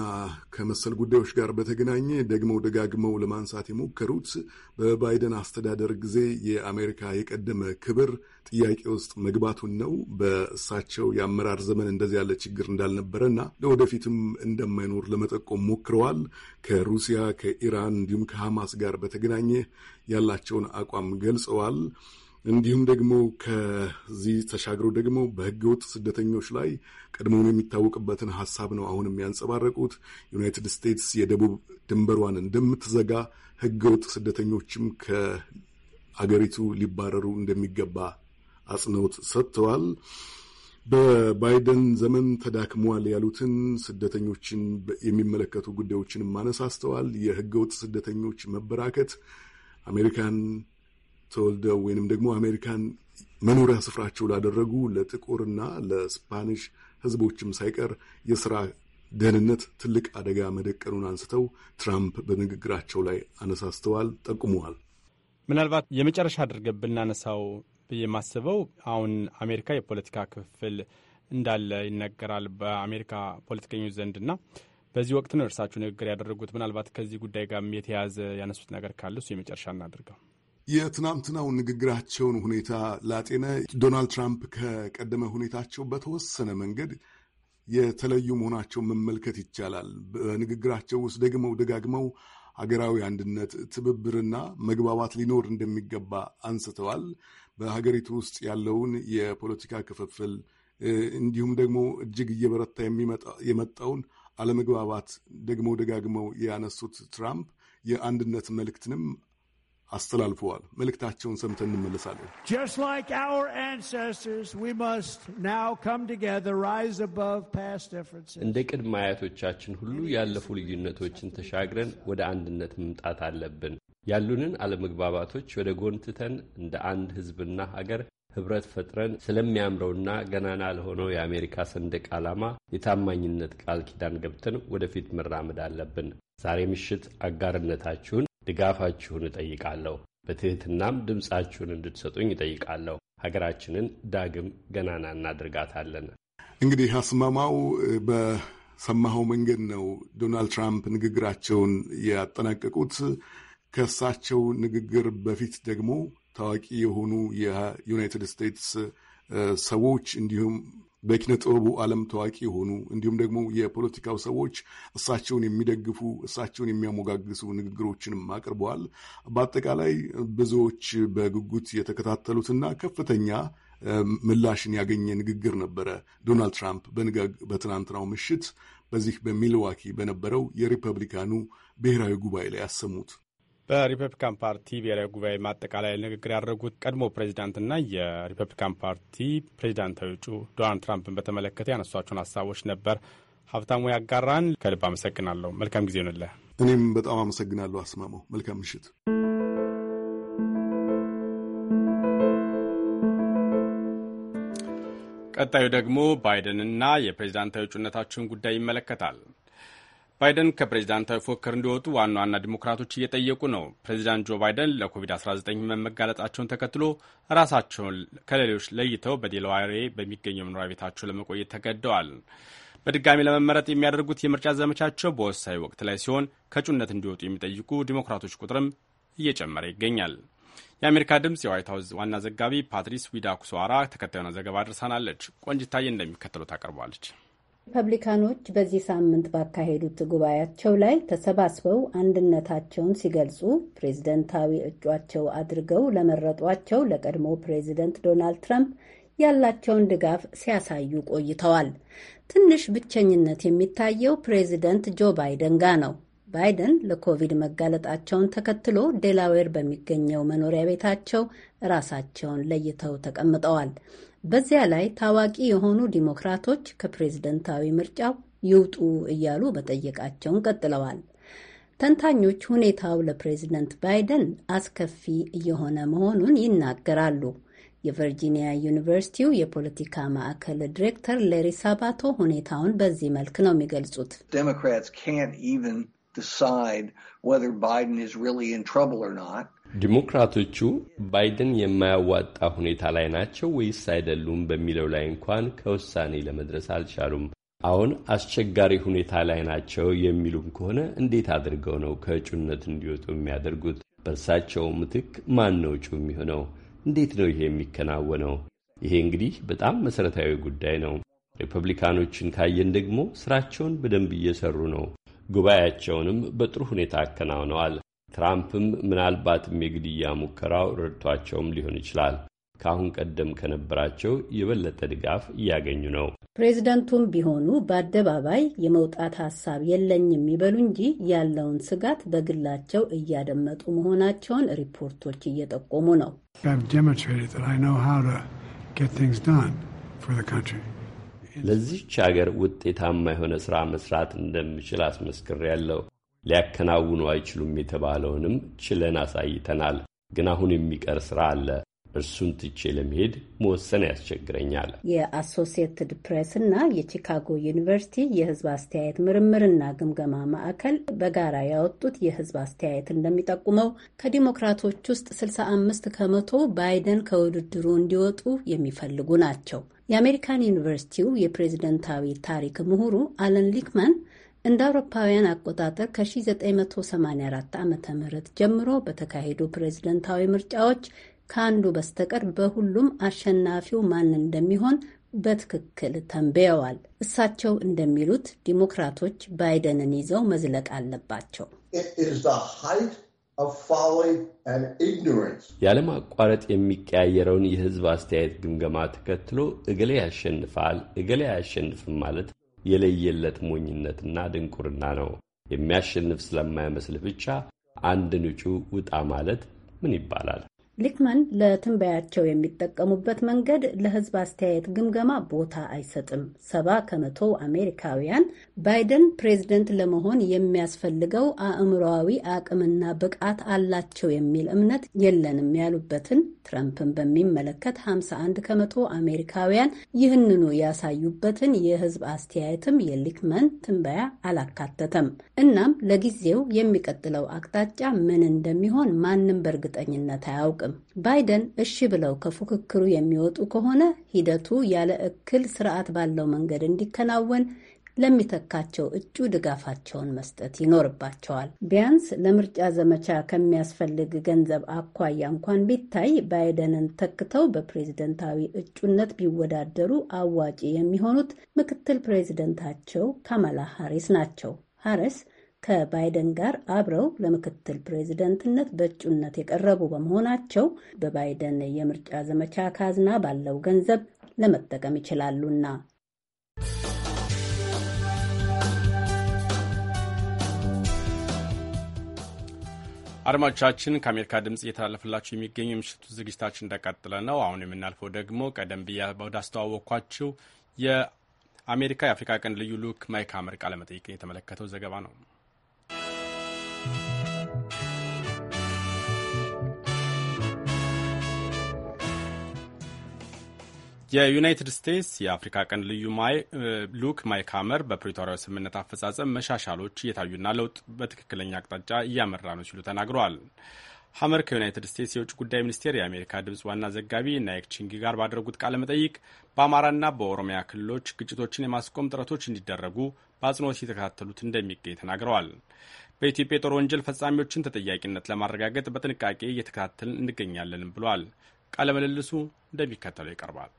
ከመሰል ጉዳዮች ጋር በተገናኘ ደግመው ደጋግመው ለማንሳት የሞከሩት በባይደን አስተዳደር ጊዜ የአሜሪካ የቀደመ ክብር ጥያቄ ውስጥ መግባቱን ነው። በእሳቸው የአመራር ዘመን እንደዚህ ያለ ችግር እንዳልነበረ እና ለወደፊትም እንደማይኖር ለመጠቆም ሞክረዋል። ከሩሲያ ከኢራን፣ እንዲሁም ከሐማስ ጋር በተገናኘ ያላቸውን አቋም ገልጸዋል። እንዲሁም ደግሞ ከዚህ ተሻግረው ደግሞ በህገወጥ ስደተኞች ላይ ቀድሞውን የሚታወቅበትን ሀሳብ ነው አሁን የሚያንጸባረቁት። ዩናይትድ ስቴትስ የደቡብ ድንበሯን እንደምትዘጋ፣ ህገወጥ ስደተኞችም ከአገሪቱ ሊባረሩ እንደሚገባ አጽንኦት ሰጥተዋል። በባይደን ዘመን ተዳክሟል ያሉትን ስደተኞችን የሚመለከቱ ጉዳዮችን ማነሳስተዋል። የህገወጥ ስደተኞች መበራከት አሜሪካን ተወልደው ወይንም ደግሞ አሜሪካን መኖሪያ ስፍራቸው ላደረጉ ለጥቁርና ለስፓኒሽ ህዝቦችም ሳይቀር የሥራ ደህንነት ትልቅ አደጋ መደቀኑን አንስተው ትራምፕ በንግግራቸው ላይ አነሳስተዋል፣ ጠቁመዋል።
ምናልባት የመጨረሻ አድርገን ብናነሳው ብዬ የማስበው አሁን አሜሪካ የፖለቲካ ክፍፍል እንዳለ ይነገራል በአሜሪካ ፖለቲከኞች ዘንድ ና በዚህ ወቅት ነው እርሳችሁ ንግግር ያደረጉት። ምናልባት ከዚህ ጉዳይ ጋር የተያያዘ ያነሱት ነገር ካለ እሱ
የመጨረሻ እናድርገው። የትናንትናውን ንግግራቸውን ሁኔታ ላጤነ ዶናልድ ትራምፕ ከቀደመ ሁኔታቸው በተወሰነ መንገድ የተለዩ መሆናቸውን መመልከት ይቻላል። በንግግራቸው ውስጥ ደግመው ደጋግመው ሀገራዊ አንድነት፣ ትብብርና መግባባት ሊኖር እንደሚገባ አንስተዋል። በሀገሪቱ ውስጥ ያለውን የፖለቲካ ክፍፍል እንዲሁም ደግሞ እጅግ እየበረታ የመጣውን አለመግባባት ደግሞ ደጋግመው ያነሱት ትራምፕ የአንድነት መልእክትንም አስተላልፈዋል። መልእክታቸውን ሰምተን እንመለሳለን። እንደ ቅድመ
አያቶቻችን ሁሉ ያለፉ ልዩነቶችን ተሻግረን ወደ አንድነት መምጣት አለብን። ያሉንን አለመግባባቶች ወደ ጎን ትተን እንደ አንድ ህዝብና ሀገር ህብረት ፈጥረን ስለሚያምረውና ገናና ለሆነው የአሜሪካ ሰንደቅ ዓላማ የታማኝነት ቃል ኪዳን ገብተን ወደፊት መራመድ አለብን። ዛሬ ምሽት አጋርነታችሁን ድጋፋችሁን እጠይቃለሁ። በትሕትናም ድምፃችሁን እንድትሰጡኝ እጠይቃለሁ። ሀገራችንን ዳግም ገናና እናድርጋታለን።
እንግዲህ አስማማው በሰማኸው መንገድ ነው ዶናልድ ትራምፕ ንግግራቸውን ያጠናቀቁት። ከእሳቸው ንግግር በፊት ደግሞ ታዋቂ የሆኑ የዩናይትድ ስቴትስ ሰዎች እንዲሁም በኪነ ጥበቡ ዓለም ታዋቂ የሆኑ እንዲሁም ደግሞ የፖለቲካው ሰዎች እሳቸውን የሚደግፉ እሳቸውን የሚያሞጋግሱ ንግግሮችንም አቅርበዋል። በአጠቃላይ ብዙዎች በጉጉት የተከታተሉትና ከፍተኛ ምላሽን ያገኘ ንግግር ነበረ። ዶናልድ ትራምፕ በትናንትናው ምሽት በዚህ በሚልዋኪ በነበረው የሪፐብሊካኑ ብሔራዊ ጉባኤ ላይ ያሰሙት በሪፐብሊካን ፓርቲ
ብሔራዊ ጉባኤ ማጠቃላይ ንግግር ያደረጉት ቀድሞ ፕሬዚዳንትና የሪፐብሊካን ፓርቲ ፕሬዚዳንታዊ እጩ ዶናልድ ትራምፕን በተመለከተ ያነሷቸውን ሀሳቦች ነበር ሀብታሙ ያጋራን። ከልብ አመሰግናለሁ። መልካም ጊዜ ይሆንልህ።
እኔም በጣም አመሰግናለሁ አስማማው። መልካም ምሽት።
ቀጣዩ ደግሞ ባይደንና የፕሬዚዳንታዊ እጩነታቸውን ጉዳይ ይመለከታል። ባይደን ከፕሬዚዳንታዊ ፉክክር እንዲወጡ ዋና ዋና ዲሞክራቶች እየጠየቁ ነው። ፕሬዚዳንት ጆ ባይደን ለኮቪድ-19 መጋለጣቸውን ተከትሎ ራሳቸውን ከሌሎች ለይተው በዴላዋሬ በሚገኘው መኖሪያ ቤታቸው ለመቆየት ተገደዋል። በድጋሚ ለመመረጥ የሚያደርጉት የምርጫ ዘመቻቸው በወሳኝ ወቅት ላይ ሲሆን ከእጩነት እንዲወጡ የሚጠይቁ ዲሞክራቶች ቁጥርም እየጨመረ ይገኛል። የአሜሪካ ድምፅ የዋይት ሀውስ ዋና ዘጋቢ ፓትሪስ ዊዳኩሶዋራ ተከታዩን ዘገባ አድርሳናለች። ቆንጅታዬ እንደሚከተሉት ታቀርበዋለች።
ሪፐብሊካኖች በዚህ ሳምንት ባካሄዱት ጉባኤያቸው ላይ ተሰባስበው አንድነታቸውን ሲገልጹ ፕሬዝደንታዊ እጩአቸው አድርገው ለመረጧቸው ለቀድሞ ፕሬዝደንት ዶናልድ ትራምፕ ያላቸውን ድጋፍ ሲያሳዩ ቆይተዋል። ትንሽ ብቸኝነት የሚታየው ፕሬዝደንት ጆ ባይደን ጋ ነው። ባይደን ለኮቪድ መጋለጣቸውን ተከትሎ ዴላዌር በሚገኘው መኖሪያ ቤታቸው ራሳቸውን ለይተው ተቀምጠዋል። በዚያ ላይ ታዋቂ የሆኑ ዲሞክራቶች ከፕሬዝደንታዊ ምርጫው ይውጡ እያሉ መጠየቃቸውን ቀጥለዋል። ተንታኞች ሁኔታው ለፕሬዝደንት ባይደን አስከፊ እየሆነ መሆኑን ይናገራሉ። የቨርጂኒያ ዩኒቨርሲቲው የፖለቲካ ማዕከል ዲሬክተር ሌሪ ሳባቶ ሁኔታውን በዚህ መልክ ነው የሚገልጹት።
ዲሞክራትስ ካንት ኢቨን ዲሳይድ ወዘር ባይደን ኢዝ ሪሊ ኢን ትራብል ኦር ኖት
ዲሞክራቶቹ ባይደን የማያዋጣ ሁኔታ ላይ ናቸው ወይስ አይደሉም በሚለው ላይ እንኳን ከውሳኔ ለመድረስ አልቻሉም። አሁን አስቸጋሪ ሁኔታ ላይ ናቸው የሚሉም ከሆነ እንዴት አድርገው ነው ከእጩነት እንዲወጡ የሚያደርጉት? በእርሳቸው ምትክ ማን ነው እጩ የሚሆነው? እንዴት ነው ይሄ የሚከናወነው? ይሄ እንግዲህ በጣም መሠረታዊ ጉዳይ ነው። ሪፐብሊካኖችን ካየን ደግሞ ስራቸውን በደንብ እየሰሩ ነው። ጉባኤያቸውንም በጥሩ ሁኔታ አከናውነዋል። ትራምፕም ምናልባትም የግድያ ሙከራው ረድቷቸውም ሊሆን ይችላል። ከአሁን ቀደም ከነበራቸው የበለጠ ድጋፍ እያገኙ ነው።
ፕሬዚደንቱም ቢሆኑ በአደባባይ የመውጣት ሀሳብ የለኝም ይበሉ እንጂ ያለውን ስጋት በግላቸው እያደመጡ መሆናቸውን ሪፖርቶች እየጠቆሙ ነው።
ለዚች ሀገር ውጤታማ የሆነ ስራ መስራት እንደምችል ያለው። ሊያከናውኑ አይችሉም የተባለውንም ችለን አሳይተናል። ግን አሁን የሚቀር ስራ አለ። እርሱን ትቼ ለመሄድ መወሰን ያስቸግረኛል።
የአሶሲየትድ ፕሬስ እና የቺካጎ ዩኒቨርሲቲ የህዝብ አስተያየት ምርምርና ግምገማ ማዕከል በጋራ ያወጡት የህዝብ አስተያየት እንደሚጠቁመው ከዲሞክራቶች ውስጥ 65 ከመቶ ባይደን ከውድድሩ እንዲወጡ የሚፈልጉ ናቸው። የአሜሪካን ዩኒቨርሲቲው የፕሬዝደንታዊ ታሪክ ምሁሩ አለን ሊክማን እንደ አውሮፓውያን አቆጣጠር ከ1984 ዓ ም ጀምሮ በተካሄዱ ፕሬዝደንታዊ ምርጫዎች ከአንዱ በስተቀር በሁሉም አሸናፊው ማን እንደሚሆን በትክክል ተንብየዋል። እሳቸው እንደሚሉት ዲሞክራቶች ባይደንን ይዘው መዝለቅ አለባቸው።
ያለማቋረጥ የሚቀያየረውን የህዝብ አስተያየት ግምገማ ተከትሎ እገሌ ያሸንፋል፣ እገሌ አያሸንፍም ማለት የለየለት ሞኝነትና ድንቁርና ነው። የሚያሸንፍ ስለማይመስልህ ብቻ አንድን እጩ ውጣ ማለት ምን ይባላል?
ሊክመን ለትንበያቸው የሚጠቀሙበት መንገድ ለሕዝብ አስተያየት ግምገማ ቦታ አይሰጥም። ሰባ ከመቶ አሜሪካውያን ባይደን ፕሬዝደንት ለመሆን የሚያስፈልገው አእምሮዊ አቅምና ብቃት አላቸው የሚል እምነት የለንም ያሉበትን ትረምፕን በሚመለከት 51 ከመቶ አሜሪካውያን ይህንኑ ያሳዩበትን የሕዝብ አስተያየትም የሊክመን ትንበያ አላካተተም። እናም ለጊዜው የሚቀጥለው አቅጣጫ ምን እንደሚሆን ማንም በእርግጠኝነት አያውቅም። አይሰጥም። ባይደን እሺ ብለው ከፉክክሩ የሚወጡ ከሆነ ሂደቱ ያለ እክል ስርዓት ባለው መንገድ እንዲከናወን ለሚተካቸው እጩ ድጋፋቸውን መስጠት ይኖርባቸዋል። ቢያንስ ለምርጫ ዘመቻ ከሚያስፈልግ ገንዘብ አኳያ እንኳን ቢታይ ባይደንን ተክተው በፕሬዝደንታዊ እጩነት ቢወዳደሩ አዋጪ የሚሆኑት ምክትል ፕሬዝደንታቸው ካማላ ሃሪስ ናቸው። ሃሪስ ከባይደን ጋር አብረው ለምክትል ፕሬዚደንትነት በእጩነት የቀረቡ በመሆናቸው በባይደን የምርጫ ዘመቻ ካዝና ባለው ገንዘብ ለመጠቀም ይችላሉና።
አድማጮቻችን ከአሜሪካ ድምፅ እየተላለፈላችሁ የሚገኙ የምሽቱ ዝግጅታችን እንደቀጥለ ነው። አሁን የምናልፈው ደግሞ ቀደም ብዬ ወዳስተዋወቅኳችሁ የአሜሪካ የአፍሪካ ቀንድ ልዩ ልዑክ ማይክ ሐመር ቃለመጠይቅ የተመለከተው ዘገባ ነው። የዩናይትድ ስቴትስ የአፍሪካ ቀንድ ልዩ ሉክ ማይክ ሀመር በፕሪቶሪያው ስምምነት አፈጻጸም መሻሻሎች እየታዩና ለውጥ በትክክለኛ አቅጣጫ እያመራ ነው ሲሉ ተናግረዋል። ሀመር ከዩናይትድ ስቴትስ የውጭ ጉዳይ ሚኒስቴር የአሜሪካ ድምፅ ዋና ዘጋቢ ናይክ ቺንግ ጋር ባደረጉት ቃለ መጠይቅ በአማራና በኦሮሚያ ክልሎች ግጭቶችን የማስቆም ጥረቶች እንዲደረጉ በአጽንኦት የተከታተሉት እንደሚገኝ ተናግረዋል። በኢትዮጵያ የጦር ወንጀል ፈጻሚዎችን ተጠያቂነት ለማረጋገጥ በጥንቃቄ እየተከታተል እንገኛለንም ብሏል። ቃለ ምልልሱ እንደሚከተለው ይቀርባል።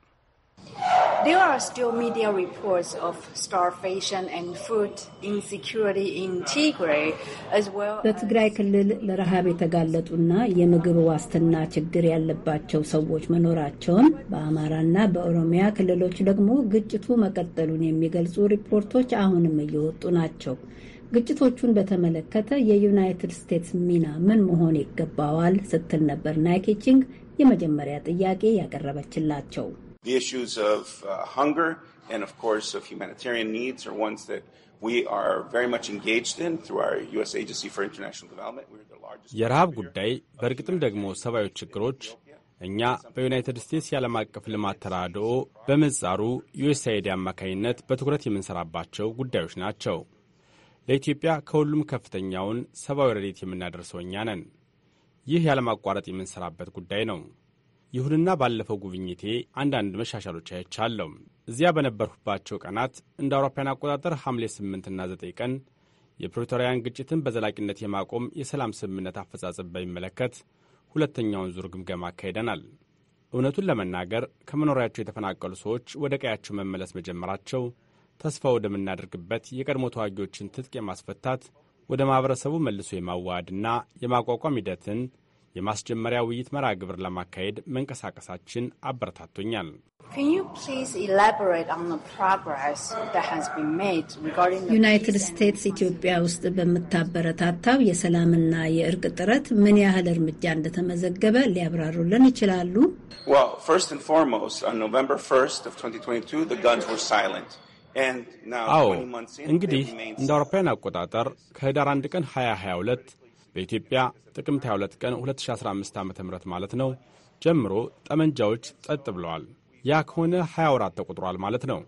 There are still media reports of starvation and food insecurity in Tigray as well. በትግራይ ክልል ለረሃብ የተጋለጡና የምግብ ዋስትና ችግር ያለባቸው ሰዎች መኖራቸውን በአማራና በኦሮሚያ ክልሎች ደግሞ ግጭቱ መቀጠሉን የሚገልጹ ሪፖርቶች አሁንም እየወጡ ናቸው። ግጭቶቹን በተመለከተ የዩናይትድ ስቴትስ ሚና ምን መሆን ይገባዋል ስትል ነበር ናይኪ ቺንግ የመጀመሪያ ጥያቄ ያቀረበችላቸው።
uh,
የረሃብ ጉዳይ በእርግጥም ደግሞ ሰብአዊ ችግሮች እኛ በዩናይትድ ስቴትስ የዓለም አቀፍ ልማት ተራድኦ በምጻሩ ዩኤስአይዲ አማካኝነት በትኩረት የምንሰራባቸው ጉዳዮች ናቸው። ለኢትዮጵያ ከሁሉም ከፍተኛውን ሰብአዊ ረዴት የምናደርሰው እኛ ነን። ይህ ያለማቋረጥ የምንሰራበት ጉዳይ ነው። ይሁንና ባለፈው ጉብኝቴ አንዳንድ መሻሻሎች አይቻለሁ። እዚያ በነበርሁባቸው ቀናት እንደ አውሮፓውያን አቆጣጠር ሐምሌ 8ና 9 ቀን የፕሪቶሪያን ግጭትን በዘላቂነት የማቆም የሰላም ስምምነት አፈጻጸም በሚመለከት ሁለተኛውን ዙር ግምገማ አካሂደናል። እውነቱን ለመናገር ከመኖሪያቸው የተፈናቀሉ ሰዎች ወደ ቀያቸው መመለስ መጀመራቸው ተስፋ ወደምናደርግበት የቀድሞ ተዋጊዎችን ትጥቅ የማስፈታት ወደ ማኅበረሰቡ መልሶ የማዋሃድና የማቋቋም ሂደትን የማስጀመሪያ ውይይት መርሃ ግብር ለማካሄድ መንቀሳቀሳችን አበረታቶኛል።
ዩናይትድ ስቴትስ ኢትዮጵያ ውስጥ በምታበረታታው የሰላምና የእርቅ ጥረት ምን ያህል እርምጃ እንደተመዘገበ ሊያብራሩልን ይችላሉ?
አዎ እንግዲህ እንደ
አውሮፓውያን አቆጣጠር ከህዳር 1 ቀን 2022 በኢትዮጵያ ጥቅምት 22 ቀን 2015 ዓ ም ማለት ነው ጀምሮ ጠመንጃዎች ጸጥ ብለዋል። ያ ከሆነ 20 ወራት ተቆጥሯል ማለት ነው።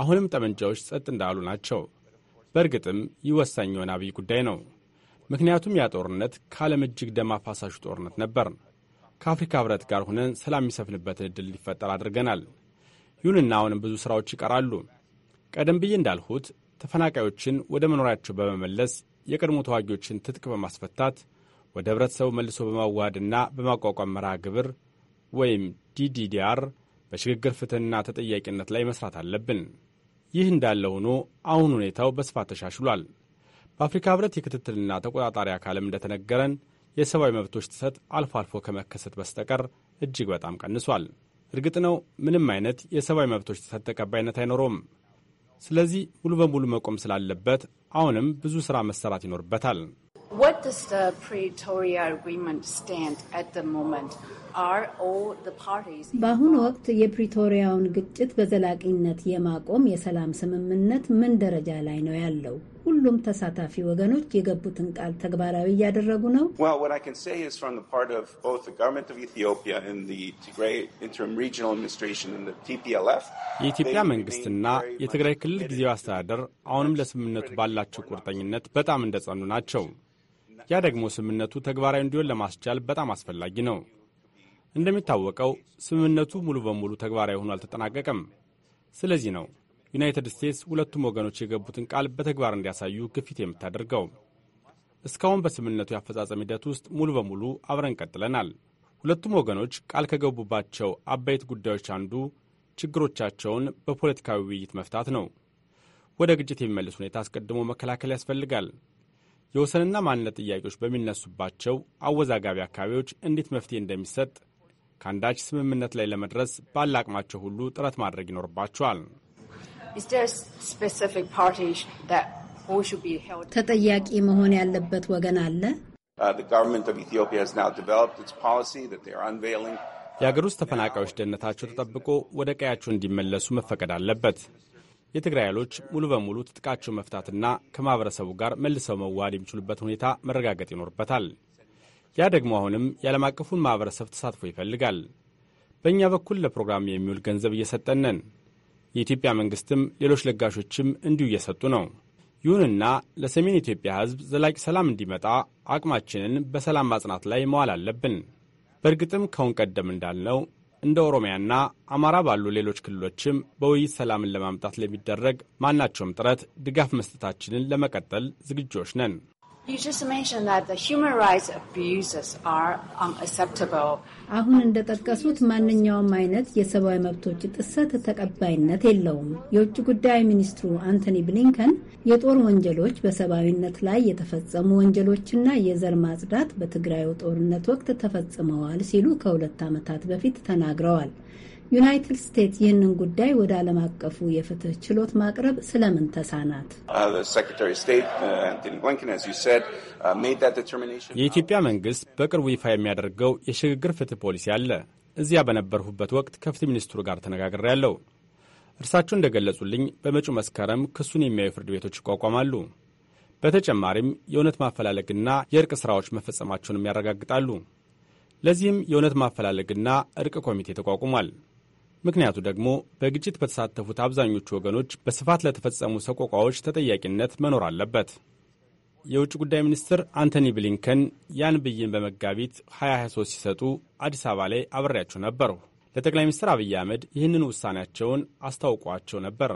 አሁንም ጠመንጃዎች ጸጥ እንዳሉ ናቸው። በእርግጥም ይወሳኝ ወሳኝ የሆነ አብይ ጉዳይ ነው። ምክንያቱም ያ ጦርነት ከዓለም እጅግ ደም አፋሳሹ ጦርነት ነበር። ከአፍሪካ ህብረት ጋር ሆነን ሰላም የሚሰፍንበትን ዕድል ሊፈጠር አድርገናል። ይሁንና አሁንም ብዙ ሥራዎች ይቀራሉ። ቀደም ብዬ እንዳልሁት ተፈናቃዮችን ወደ መኖሪያቸው በመመለስ የቀድሞ ተዋጊዎችን ትጥቅ በማስፈታት ወደ ህብረተሰቡ መልሶ በማዋሃድና በማቋቋም መርሃ ግብር ወይም ዲዲዲአር በሽግግር ፍትሕና ተጠያቂነት ላይ መስራት አለብን። ይህ እንዳለ ሆኖ አሁን ሁኔታው በስፋት ተሻሽሏል። በአፍሪካ ህብረት የክትትልና ተቆጣጣሪ አካልም እንደተነገረን የሰብአዊ መብቶች ጥሰት አልፎ አልፎ ከመከሰት በስተቀር እጅግ በጣም ቀንሷል። እርግጥ ነው ምንም አይነት የሰብአዊ መብቶች ጥሰት ተቀባይነት አይኖረውም። ስለዚህ ሙሉ በሙሉ መቆም ስላለበት አሁንም ብዙ ስራ መሰራት ይኖርበታል።
በአሁኑ ወቅት የፕሪቶሪያውን ግጭት በዘላቂነት የማቆም የሰላም ስምምነት ምን ደረጃ ላይ ነው ያለው? ሁሉም ተሳታፊ ወገኖች የገቡትን ቃል ተግባራዊ እያደረጉ ነው?
የኢትዮጵያ መንግስትና የትግራይ ክልል ጊዜያዊ አስተዳደር አሁንም ለስምምነቱ ባላቸው ቁርጠኝነት በጣም እንደጸኑ ናቸው። ያ ደግሞ ስምምነቱ ተግባራዊ እንዲሆን ለማስቻል በጣም አስፈላጊ ነው። እንደሚታወቀው ስምምነቱ ሙሉ በሙሉ ተግባራዊ ሆኖ አልተጠናቀቀም። ስለዚህ ነው ዩናይትድ ስቴትስ ሁለቱም ወገኖች የገቡትን ቃል በተግባር እንዲያሳዩ ግፊት የምታደርገው። እስካሁን በስምምነቱ የአፈጻጸም ሂደት ውስጥ ሙሉ በሙሉ አብረን ቀጥለናል። ሁለቱም ወገኖች ቃል ከገቡባቸው አበይት ጉዳዮች አንዱ ችግሮቻቸውን በፖለቲካዊ ውይይት መፍታት ነው። ወደ ግጭት የሚመልስ ሁኔታ አስቀድሞ መከላከል ያስፈልጋል። የወሰንና ማንነት ጥያቄዎች በሚነሱባቸው አወዛጋቢ አካባቢዎች እንዴት መፍትሄ እንደሚሰጥ ከአንዳች ስምምነት ላይ ለመድረስ አቅማቸው ሁሉ ጥረት
ማድረግ ይኖርባቸዋል።
ተጠያቂ መሆን ያለበት ወገን አለ። uh,
የአገር
ውስጥ ተፈናቃዮች
ደህንነታቸው ተጠብቆ ወደ ቀያቸው
እንዲመለሱ መፈቀድ አለበት። የትግራይ ኃይሎች ሙሉ በሙሉ ትጥቃቸው መፍታትና ከማኅበረሰቡ ጋር መልሰው መዋሃድ የሚችሉበት ሁኔታ መረጋገጥ ይኖርበታል። ያ ደግሞ አሁንም የዓለም አቀፉን ማኅበረሰብ ተሳትፎ ይፈልጋል። በእኛ በኩል ለፕሮግራም የሚውል ገንዘብ እየሰጠን ነን። የኢትዮጵያ መንግሥትም ሌሎች ለጋሾችም እንዲሁ እየሰጡ ነው። ይሁንና ለሰሜን ኢትዮጵያ ሕዝብ ዘላቂ ሰላም እንዲመጣ አቅማችንን በሰላም ማጽናት ላይ መዋል አለብን። በእርግጥም ከውን ቀደም እንዳልነው እንደ ኦሮሚያና አማራ ባሉ ሌሎች ክልሎችም በውይይት ሰላምን ለማምጣት ለሚደረግ ማናቸውም ጥረት ድጋፍ መስጠታችንን ለመቀጠል ዝግጆች ነን።
አሁን እንደጠቀሱት ማንኛውም አይነት የሰብአዊ መብቶች ጥሰት ተቀባይነት የለውም። የውጭ ጉዳይ ሚኒስትሩ አንቶኒ ብሊንከን የጦር ወንጀሎች፣ በሰብአዊነት ላይ የተፈጸሙ ወንጀሎችና የዘር ማጽዳት በትግራዩ ጦርነት ወቅት ተፈጽመዋል ሲሉ ከሁለት ዓመታት በፊት ተናግረዋል። ዩናይትድ ስቴትስ ይህንን ጉዳይ ወደ ዓለም አቀፉ የፍትህ ችሎት ማቅረብ ስለምን ተሳናት?
Uh, uh, uh, የኢትዮጵያ መንግስት በቅርቡ ይፋ
የሚያደርገው የሽግግር ፍትህ ፖሊሲ አለ። እዚያ በነበርሁበት ወቅት ከፍትህ ሚኒስትሩ ጋር ያለው እርሳቸው እንደገለጹልኝ በመጪው መስከረም ክሱን የሚያዩ ፍርድ ቤቶች ይቋቋማሉ። በተጨማሪም የእውነት ማፈላለግና የእርቅ ሥራዎች መፈጸማቸውንም ያረጋግጣሉ። ለዚህም የእውነት ማፈላለግና እርቅ ኮሚቴ ተቋቁሟል። ምክንያቱ ደግሞ በግጭት በተሳተፉት አብዛኞቹ ወገኖች በስፋት ለተፈጸሙ ሰቆቃዎች ተጠያቂነት መኖር አለበት። የውጭ ጉዳይ ሚኒስትር አንቶኒ ብሊንከን ያን ብይን በመጋቢት 2023 ሲሰጡ አዲስ አበባ ላይ አብሬያቸው ነበሩ። ለጠቅላይ ሚኒስትር አብይ አህመድ ይህንን ውሳኔያቸውን አስታውቋቸው ነበር።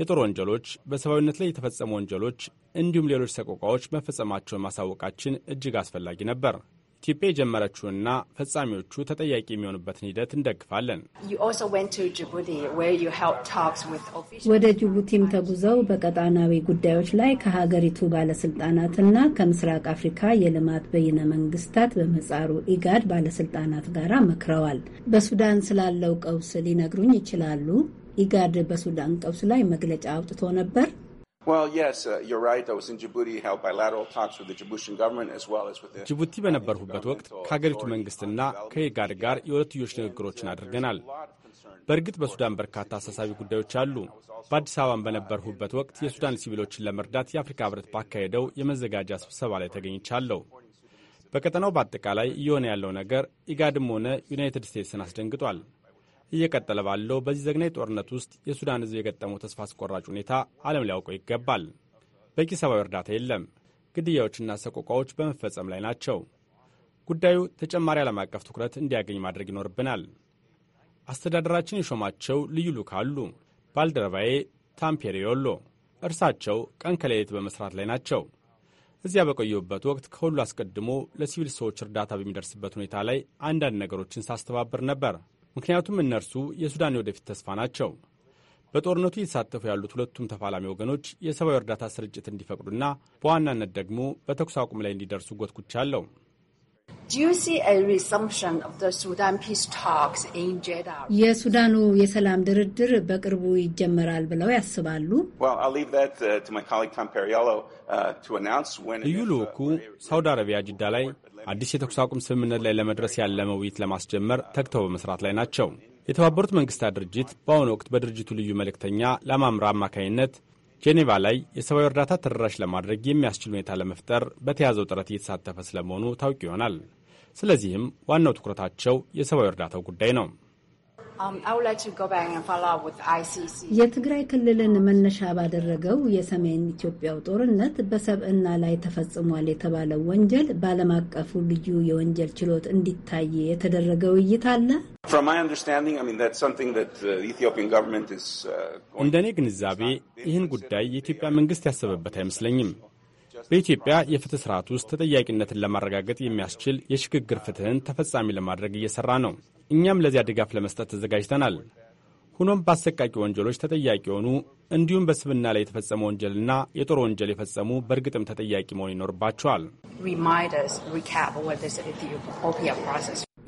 የጦር ወንጀሎች፣ በሰብአዊነት ላይ የተፈጸሙ ወንጀሎች እንዲሁም ሌሎች ሰቆቃዎች መፈጸማቸውን ማሳወቃችን እጅግ አስፈላጊ ነበር። ኢትዮጵያ የጀመረችውና ፈጻሚዎቹ ተጠያቂ የሚሆኑበትን ሂደት እንደግፋለን።
ወደ ጅቡቲም ተጉዘው በቀጣናዊ ጉዳዮች ላይ ከሀገሪቱ ባለስልጣናትና ከምስራቅ አፍሪካ የልማት በይነ መንግስታት በመጻሩ ኢጋድ ባለስልጣናት ጋር መክረዋል። በሱዳን ስላለው ቀውስ ሊነግሩኝ ይችላሉ? ኢጋድ በሱዳን ቀውስ ላይ መግለጫ አውጥቶ ነበር።
ጅቡቲ uh, በነበርሁበት ወቅት
ከሀገሪቱ መንግስትና ከኢጋድ ጋር የሁለትዮሽ ንግግሮችን አድርገናል። በእርግጥ በሱዳን በርካታ አሳሳቢ ጉዳዮች አሉ። በአዲስ አበባን በነበርሁበት ወቅት የሱዳን ሲቪሎችን ለመርዳት የአፍሪካ ህብረት ባካሄደው የመዘጋጃ ስብሰባ ላይ ተገኝቻለሁ። በቀጠናው በአጠቃላይ እየሆነ ያለው ነገር ኢጋድም ሆነ ዩናይትድ ስቴትስን አስደንግጧል። እየቀጠለ ባለው በዚህ ዘግናይ ጦርነት ውስጥ የሱዳን ሕዝብ የገጠመው ተስፋ አስቆራጭ ሁኔታ ዓለም ሊያውቀው ይገባል። በቂ ሰብአዊ እርዳታ የለም። ግድያዎችና ሰቆቃዎች በመፈጸም ላይ ናቸው። ጉዳዩ ተጨማሪ ዓለም አቀፍ ትኩረት እንዲያገኝ ማድረግ ይኖርብናል። አስተዳደራችን የሾማቸው ልዩ ልኡክ አሉ። ባልደረባዬ ዮሎ እርሳቸው ቀን ከሌሊት በመስራት ላይ ናቸው። እዚያ በቆየሁበት ወቅት ከሁሉ አስቀድሞ ለሲቪል ሰዎች እርዳታ በሚደርስበት ሁኔታ ላይ አንዳንድ ነገሮችን ሳስተባብር ነበር። ምክንያቱም እነርሱ የሱዳን የወደፊት ተስፋ ናቸው። በጦርነቱ እየተሳተፉ ያሉት ሁለቱም ተፋላሚ ወገኖች የሰብአዊ እርዳታ ስርጭት እንዲፈቅዱና በዋናነት ደግሞ በተኩስ አቁም ላይ እንዲደርሱ ጎትጉቻለሁ።
የሱዳኑ
የሰላም ድርድር በቅርቡ ይጀመራል ብለው ያስባሉ?
Uh, uh, ልዩ ልኡኩ uh, ሳውዲ አረቢያ ጅዳ ላይ አዲስ የተኩስ አቁም
ስምምነት ላይ ለመድረስ ያለመ ውይይት ለማስጀመር ተግተው በመስራት ላይ ናቸው። የተባበሩት መንግስታት ድርጅት በአሁኑ ወቅት በድርጅቱ ልዩ መልእክተኛ ለማምራ አማካኝነት ጄኔቫ ላይ የሰብአዊ እርዳታ ተደራሽ ለማድረግ የሚያስችል ሁኔታ ለመፍጠር በተያዘው ጥረት እየተሳተፈ ስለመሆኑ ታውቅ ይሆናል። ስለዚህም ዋናው ትኩረታቸው የሰብአዊ እርዳታው ጉዳይ ነው።
Um, የትግራይ ክልልን መነሻ ባደረገው የሰሜን ኢትዮጵያው ጦርነት በሰብዕና ላይ ተፈጽሟል የተባለው ወንጀል በዓለም አቀፉ ልዩ የወንጀል ችሎት እንዲታይ የተደረገ ውይይት አለ።
uh,
uh, እንደ እኔ ግንዛቤ ይህን ጉዳይ የኢትዮጵያ መንግስት ያሰበበት አይመስለኝም። በኢትዮጵያ የፍትህ ስርዓት ውስጥ ተጠያቂነትን ለማረጋገጥ የሚያስችል የሽግግር ፍትህን ተፈጻሚ ለማድረግ እየሰራ ነው። እኛም ለዚያ ድጋፍ ለመስጠት ተዘጋጅተናል። ሆኖም በአሰቃቂ ወንጀሎች ተጠያቂ የሆኑ እንዲሁም በስብና ላይ የተፈጸመ ወንጀልና የጦር ወንጀል የፈጸሙ በእርግጥም ተጠያቂ መሆን ይኖርባቸዋል።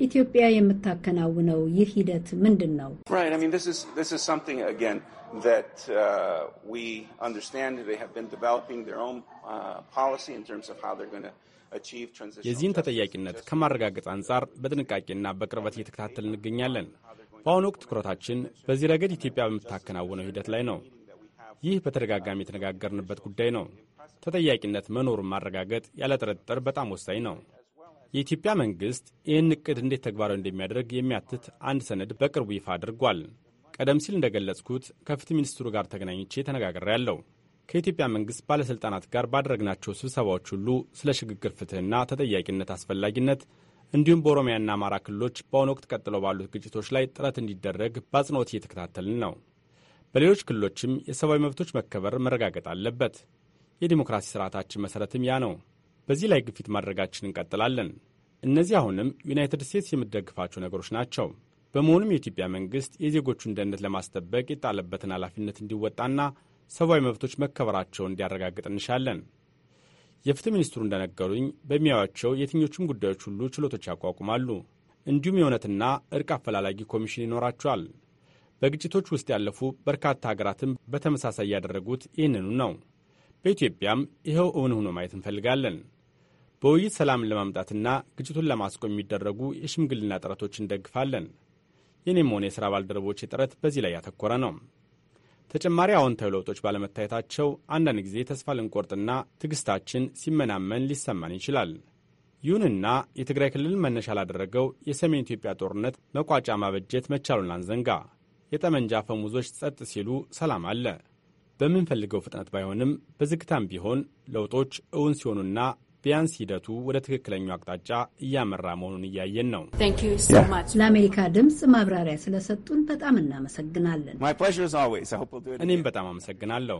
ኢትዮጵያ የምታከናውነው ይህ ሂደት ምንድን ነው?
Uh, የዚህን
ተጠያቂነት ከማረጋገጥ አንጻር በጥንቃቄና በቅርበት እየተከታተል እንገኛለን። በአሁኑ ወቅት ትኩረታችን በዚህ ረገድ ኢትዮጵያ በምታከናውነው ሂደት ላይ ነው። ይህ በተደጋጋሚ የተነጋገርንበት ጉዳይ ነው። ተጠያቂነት መኖሩን ማረጋገጥ ያለ ጥርጥር በጣም ወሳኝ ነው። የኢትዮጵያ መንግሥት ይህን እቅድ እንዴት ተግባራዊ እንደሚያደርግ የሚያትት አንድ ሰነድ በቅርቡ ይፋ አድርጓል። ቀደም ሲል እንደገለጽኩት ከፍትህ ሚኒስትሩ ጋር ተገናኝቼ ተነጋግሬ ያለው ከኢትዮጵያ መንግስት ባለሥልጣናት ጋር ባደረግናቸው ስብሰባዎች ሁሉ ስለ ሽግግር ፍትሕና ተጠያቂነት አስፈላጊነት እንዲሁም በኦሮሚያና አማራ ክልሎች በአሁኑ ወቅት ቀጥለው ባሉት ግጭቶች ላይ ጥረት እንዲደረግ በአጽንኦት እየተከታተልን ነው። በሌሎች ክልሎችም የሰብአዊ መብቶች መከበር መረጋገጥ አለበት። የዲሞክራሲ ስርዓታችን መሠረትም ያ ነው። በዚህ ላይ ግፊት ማድረጋችን እንቀጥላለን። እነዚህ አሁንም ዩናይትድ ስቴትስ የምትደግፋቸው ነገሮች ናቸው። በመሆኑም የኢትዮጵያ መንግሥት የዜጎቹን ደህንነት ለማስጠበቅ የጣለበትን ኃላፊነት እንዲወጣና ሰብአዊ መብቶች መከበራቸውን እንዲያረጋግጥ እንሻለን። የፍትህ ሚኒስትሩ እንደነገሩኝ በሚያዩቸው የትኞቹም ጉዳዮች ሁሉ ችሎቶች ያቋቁማሉ። እንዲሁም የእውነትና እርቅ አፈላላጊ ኮሚሽን ይኖራቸዋል። በግጭቶች ውስጥ ያለፉ በርካታ ሀገራትም በተመሳሳይ ያደረጉት ይህንኑ ነው። በኢትዮጵያም ይኸው እውን ሆኖ ማየት እንፈልጋለን። በውይይት ሰላምን ለማምጣትና ግጭቱን ለማስቆም የሚደረጉ የሽምግልና ጥረቶች እንደግፋለን። የኔም ሆነ የሥራ ባልደረቦች ጥረት በዚህ ላይ ያተኮረ ነው። ተጨማሪ አዎንታዊ ለውጦች ባለመታየታቸው አንዳንድ ጊዜ ተስፋ ልንቆርጥና ትዕግስታችን ሲመናመን ሊሰማን ይችላል። ይሁንና የትግራይ ክልል መነሻ ላደረገው የሰሜን ኢትዮጵያ ጦርነት መቋጫ ማበጀት መቻሉን አንዘንጋ። የጠመንጃ ፈሙዞች ጸጥ ሲሉ ሰላም አለ። በምንፈልገው ፍጥነት ባይሆንም በዝግታም ቢሆን ለውጦች እውን ሲሆኑና ቢያንስ ሂደቱ ወደ ትክክለኛው አቅጣጫ እያመራ መሆኑን እያየን ነው።
ለአሜሪካ ድምፅ ማብራሪያ ስለሰጡን በጣም እናመሰግናለን።
እኔም በጣም አመሰግናለሁ።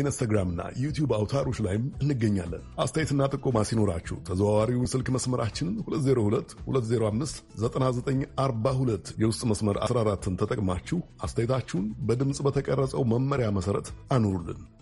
ኢንስታግራምና ዩቲዩብ አውታሮች ላይም እንገኛለን። አስተያየትና ጥቆማ ሲኖራችሁ ተዘዋዋሪውን ስልክ መስመራችንን 2022059942 የውስጥ መስመር 14ን ተጠቅማችሁ አስተያየታችሁን በድምፅ በተቀረጸው መመሪያ መሰረት አኑሩልን።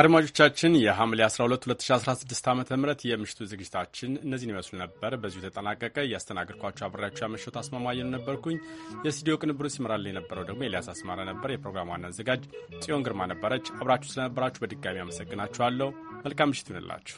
አድማጮቻችን የሐምሌ 12 2016 ዓ ም የምሽቱ ዝግጅታችን እነዚህን ይመስሉ ነበር። በዚሁ ተጠናቀቀ። እያስተናገድኳቸው አብሬያቸው ያመሸሁት አስማማየን ነበርኩኝ። የስቱዲዮ ቅንብሩ ሲመራል የነበረው ደግሞ ኤልያስ አስማረ ነበር። የፕሮግራም ዋና አዘጋጅ ጽዮን ግርማ ነበረች። አብራችሁ ስለነበራችሁ በድጋሚ አመሰግናችኋለሁ። መልካም ምሽት ይሁንላችሁ።